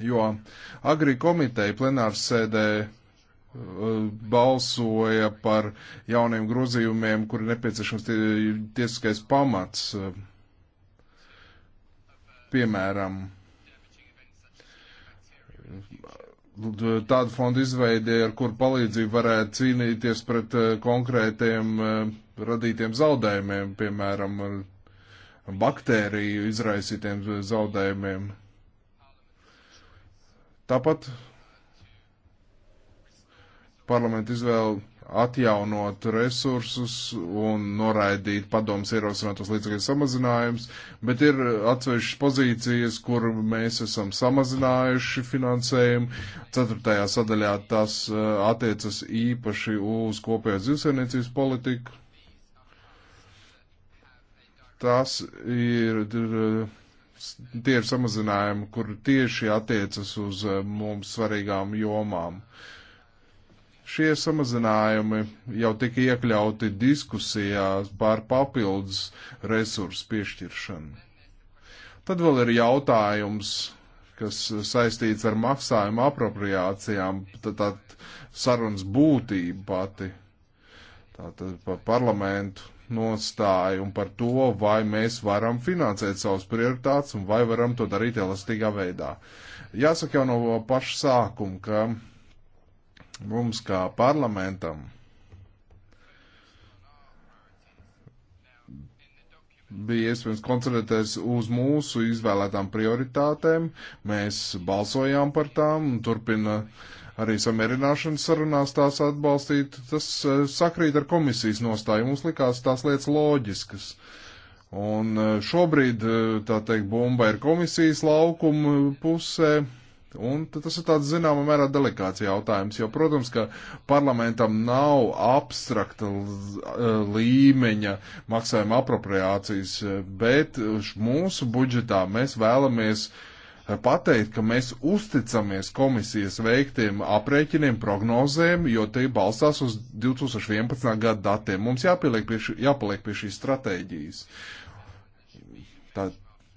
Jo agri komiteja plenārs sēdē uh, balsoja par jauniem grozījumiem, kur ir nepieciešams tie, tiesiskais pamats. Uh, piemēram, tādu fondu izveidē, ar kur palīdzību varētu cīnīties pret uh, konkrētiem radītiem zaudējumiem, piemēram, baktēriju izraisītiem zaudējumiem. Tāpat parlamenta izvēle atjaunot resursus un noraidīt padomus ierosinātos līdzekļu samazinājumus, bet ir atsevišķas pozīcijas, kur mēs esam samazinājuši finansējumu. Ceturtajā sadaļā tas uh, attiecas īpaši uz kopējo zivsainiecības politiku. Tas ir, ir tie ir samazinājumi, kur tieši attiecas uz eh, mums svarīgām jomām. Šie samazinājumi jau tika iekļauti diskusijās par papildus resursu piešķiršanu. Tad vēl ir jautājums, kas saistīts ar maksājumu apropriācijām, tad, tad sarunas būtība pati, tātad par parlamentu nostāju un par to, vai mēs varam finansēt savus prioritātus un vai varam to darīt elastīgā veidā. Jāsaka jau no paša sākuma, ka mums kā parlamentam bija iespējams koncentrēties uz mūsu izvēlētām prioritātēm. Mēs balsojām par tām un turpina uh, arī samierināšanas sarunās tās atbalstīt. Tas eh, sakrīt ar komisijas nostāju. Mums likās tās lietas loģiskas. Un eh, šobrīd, eh, tā teikt, bomba ir komisijas laukuma pusē. Un tas ir tāds zināmā mērā delikāts jautājums, jo, protams, ka parlamentam nav abstrakta līmeņa maksājuma apropriācijas, bet mūsu budžetā mēs vēlamies uh, pateikt, ka mēs uzticamies komisijas veiktiem aprēķiniem, prognozēm, jo te balstās uz 2011. gada datiem. Mums jāpieliek pie, ši, jāpaliek pie šīs stratēģijas. Tā,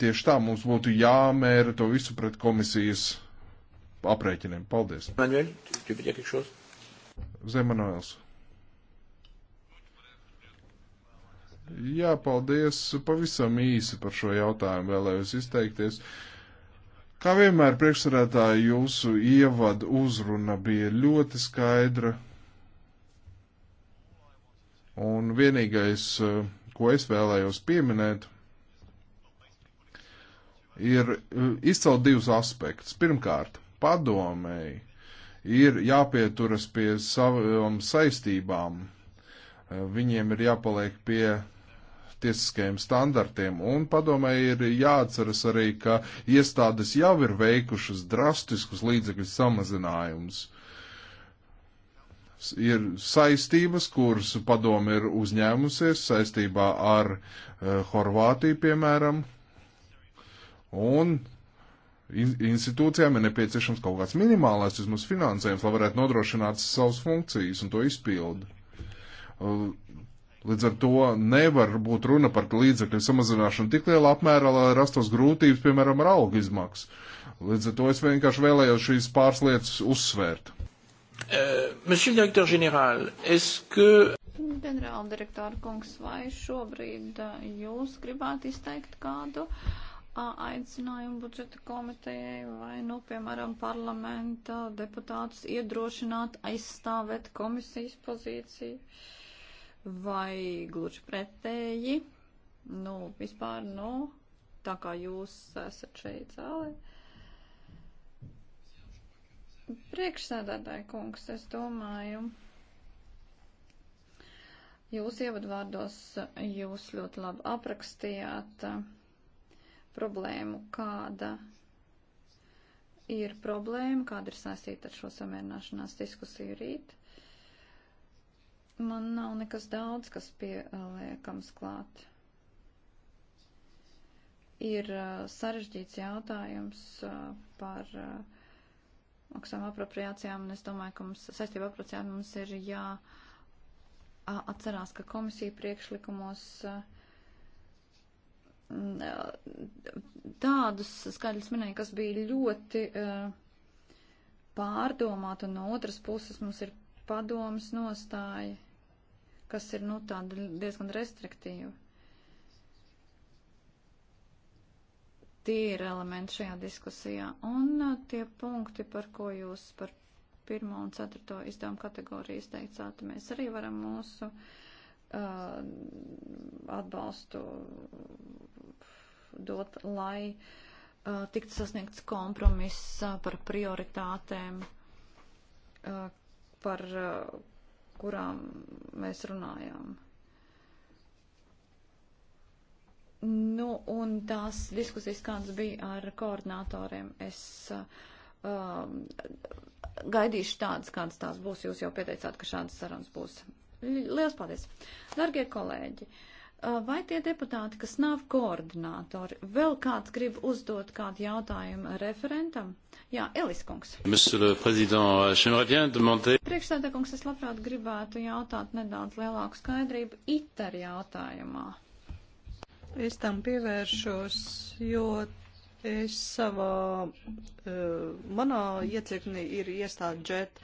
tieši tā mums būtu jāmēra to visu pret komisijas aprēķiniem. Paldies. Manuel, tu veux dire quelque chose? Zemanuels. Jā, paldies. Pavisam īsi par šo jautājumu vēlējos izteikties. Uh, Kā vienmēr, priekšsarētāji, jūsu ievada uzruna bija ļoti skaidra. Un vienīgais, eh, ko es vēlējos pieminēt, ir eh, izcelt divus aspektus. Pirmkārt, padomēji ir jāpieturas pie savām saistībām. Eh, viņiem ir jāpaliek pie tiesiskajiem standartiem. Un padomē ir jāatceras arī, ka iestādes jau ir veikušas drastiskus līdzekļu samazinājumus. Ir saistības, kuras padomē ir uzņēmusies saistībā ar uh, Horvātiju, piemēram, un institūcijām ir nepieciešams kaut kāds minimālais vismaz finansējums, lai varētu nodrošināt savas funkcijas un to izpildu. Līdz ar to nevar būt runa par līdzekļu samazināšanu tik lielā apmērā, lai rastos grūtības, piemēram, ar algu izmaksu. Līdz ar to es vienkārši vēlējos šīs pāris lietas uzsvērt. Eh, Ģenerāla direktora kungs, vai šobrīd eh, jūs gribētu izteikt kādu eh, aicinājumu budžeta komitejai vai, nu, piemēram, parlamenta deputātus iedrošināt aizstāvēt komisijas pozīciju? Uh, vai gluži pretēji, nu, vispār, nu, tā kā jūs esat šeit zālē. Priekšsēdētāji kungs, es domāju, Jūs ievadvārdos jūs ļoti labi aprakstījāt uh, problēmu, kāda ir problēma, kāda ir saistīta ar šo samierināšanās diskusiju rīt. Man nav nekas daudz, kas pieliekams klāt. Ir uh, sarežģīts jautājums uh, par uh, maksām apropriācijām, un es domāju, ka mums saistība apropriācijām mums ir jā atcerās, ka komisija priekšlikumos tādus skaidrs minēja, kas bija ļoti pārdomāti, un no otras puses mums ir padomas nostāja, kas ir, nu, tāda diezgan restriktīva. Tie ir elementi šajā diskusijā. Un uh, tie punkti, par ko jūs par pirmo un ceturto izdevumu kategoriju izteicāt, mēs arī varam mūsu uh, atbalstu dot, lai uh, tiktu sasniegts kompromiss uh, par prioritātēm, uh, par eh, kurām mēs runājām. Nu, un tās diskusijas, kādas bija ar koordinatoriem, es uh, gaidīšu tādas, kādas tās būs. Jūs jau pieteicāt, ka šādas sarunas būs. Lielas paldies! Dargie kolēģi! Uh, Vai tie deputāti, kas nav koordinātori, vēl kāds grib uzdot kādu jautājumu referentam? Jā, Elis kungs. Priekšstādā kungs, es labprāt gribētu jautāt nedaudz lielāku skaidrību ITER jautājumā. Es tam pievēršos, jo Es savā, e, manā iecirknī ir iestāde džet.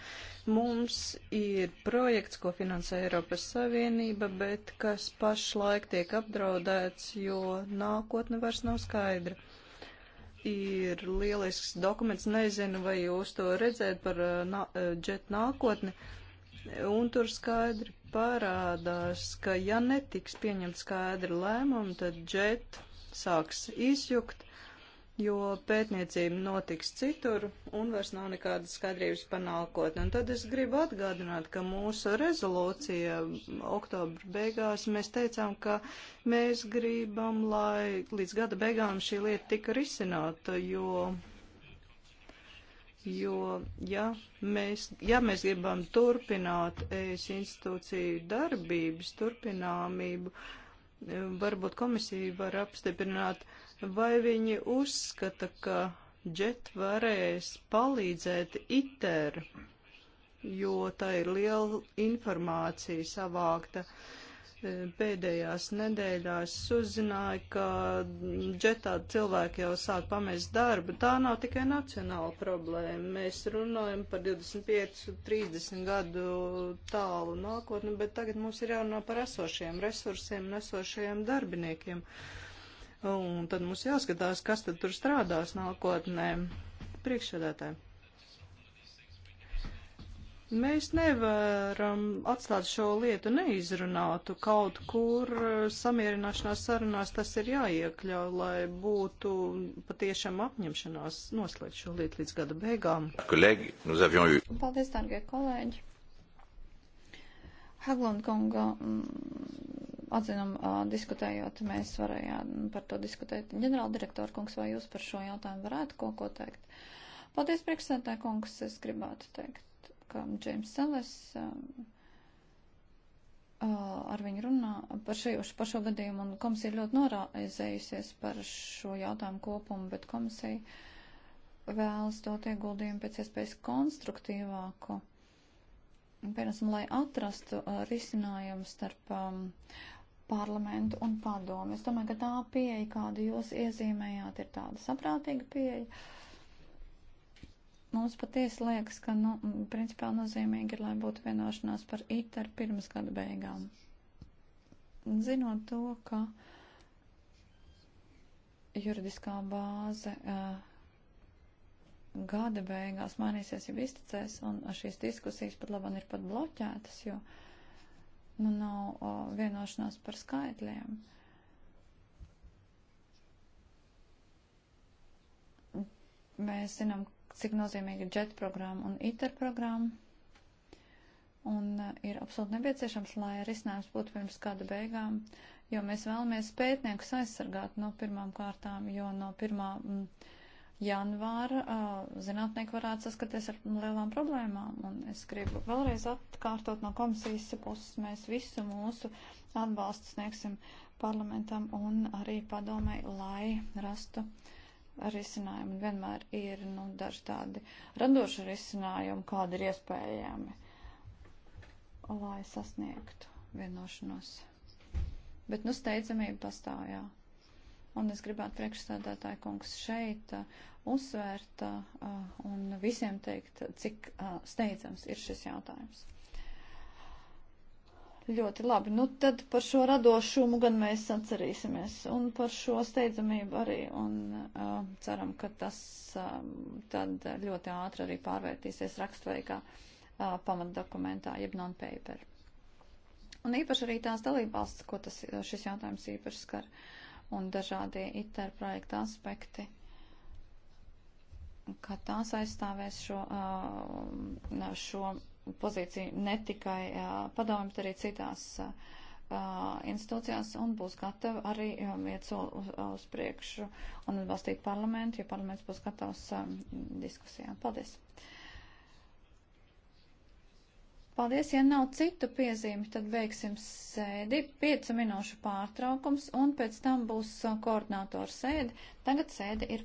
Mums ir projekts, ko finansē Eiropas Savienība, bet kas pašlaik tiek apdraudēts, jo nākotne vairs nav skaidra ir lielisks dokuments, nezinu, vai jūs to redzēt par e, nā, džet e, nākotni, un tur skaidri parādās, ka ja netiks pieņemt skaidri lēmumu, tad džet sāks izjukt, jo pētniecība notiks citur un vairs nav nekādas skaidrības par nākotni. Un tad es gribu atgādināt, ka mūsu rezolūcija oktobra beigās mēs teicām, ka mēs gribam, lai līdz gada beigām šī lieta tika risināta, jo. Jo, ja mēs, ja mēs gribam turpināt ES institūciju darbības, turpināmību, varbūt komisija var apstiprināt uh, Vai viņi uzskata, ka džet varēs palīdzēt ITER, jo tā ir liela informācija savākta. E, pēdējās nedēļās uzzināja, ka džetā cilvēki jau sāk pamest darbu. Tā nav tikai nacionāla problēma. Mēs runājam par 25, 30 gadu tālu nākotni, bet tagad mums ir jārunā par esošiem resursiem un esošajiem darbiniekiem. Uh, Un tad mums jāskatās, kas tad tur strādās nākotnē priekšsēdētāji. Mēs nevaram atstāt šo lietu neizrunātu kaut kur eh, samierināšanās sarunās, tas ir jāiekļau, lai būtu patiešām apņemšanās noslēgt šo lietu līdz gada beigām. Kolēģi, nous avions eu. Paldies, dārgie kolēģi. Haglundkonga mm, atzinumu diskutējot, mēs varējām par to diskutēt. Ģenerāldirektora kungs, vai jūs par šo jautājumu varētu ko, ko teikt? Paldies, priekšsētā kungs, es gribētu teikt, ka Džeims Seles ar viņu runā par šo, par šo gadījumu, un komisija ļoti norāizējusies par šo jautājumu kopumu, bet komisija vēlas dot ieguldījumu pēc iespējas konstruktīvāku. Pēc tam, lai atrastu risinājumu starp um, parlamentu un padomu. Es domāju, ka tā pieeja, kādu jūs iezīmējāt, ir tāda saprātīga pieeja. Mums patiesi liekas, ka nu, principā nozīmīgi ir, lai būtu vienošanās par ITER pirms gada beigām. Zinot to, ka juridiskā bāze uh, gada beigās mainīsies, ja izticēs, un šīs diskusijas pat labāk ir pat bloķētas, jo uh, nu nav o, vienošanās par skaitļiem. Mēs zinām, cik nozīmīga ir džet programma un ITER programma. Un uh, ir absolūti nepieciešams, lai risinājums būtu pirms gada beigām, jo mēs vēlamies pētniekus aizsargāt no pirmām kārtām, jo no pirmā. Mm, janvāra zinātnieki varētu saskaties ar lielām problēmām. Un es gribu vēlreiz atkārtot no komisijas puses, mēs visu mūsu atbalstu sniegsim parlamentam un arī padomai, lai rastu risinājumu. Vienmēr ir nu, daži tādi radoši risinājumi, kādi ir iespējami, lai sasniegtu vienošanos. Bet, nu, steidzamība pastāv, jā. Un es gribētu priekšstādātāju kungs šeit uh, uzsvērt uh, un visiem teikt, cik uh, steidzams ir šis jautājums. Ļoti labi. Nu, tad par šo radošumu gan mēs atcerīsimies un par šo steidzamību arī. Un uh, ceram, ka tas uh, tad ļoti ātri arī pārvērtīsies rakstveikā uh, pamatdokumentā, jeb non-paper. Un īpaši arī tās dalībvalsts, ko tas, šis jautājums īpaši skar. Uh, un dažādie ITER projekta aspekti, kā tās aizstāvēs šo, šo pozīciju ne tikai padomju, bet arī citās institūcijās un būs gatava arī iet soli uz, uz priekšu un atbalstīt parlamentu, ja parlaments būs gatavs diskusijām. Paldies! Paldies, ja nav citu piezīmi, tad beigsim sēdi, piecu minūšu pārtraukums un pēc tam būs uh, koordinātora sēde. Tagad sēde ir.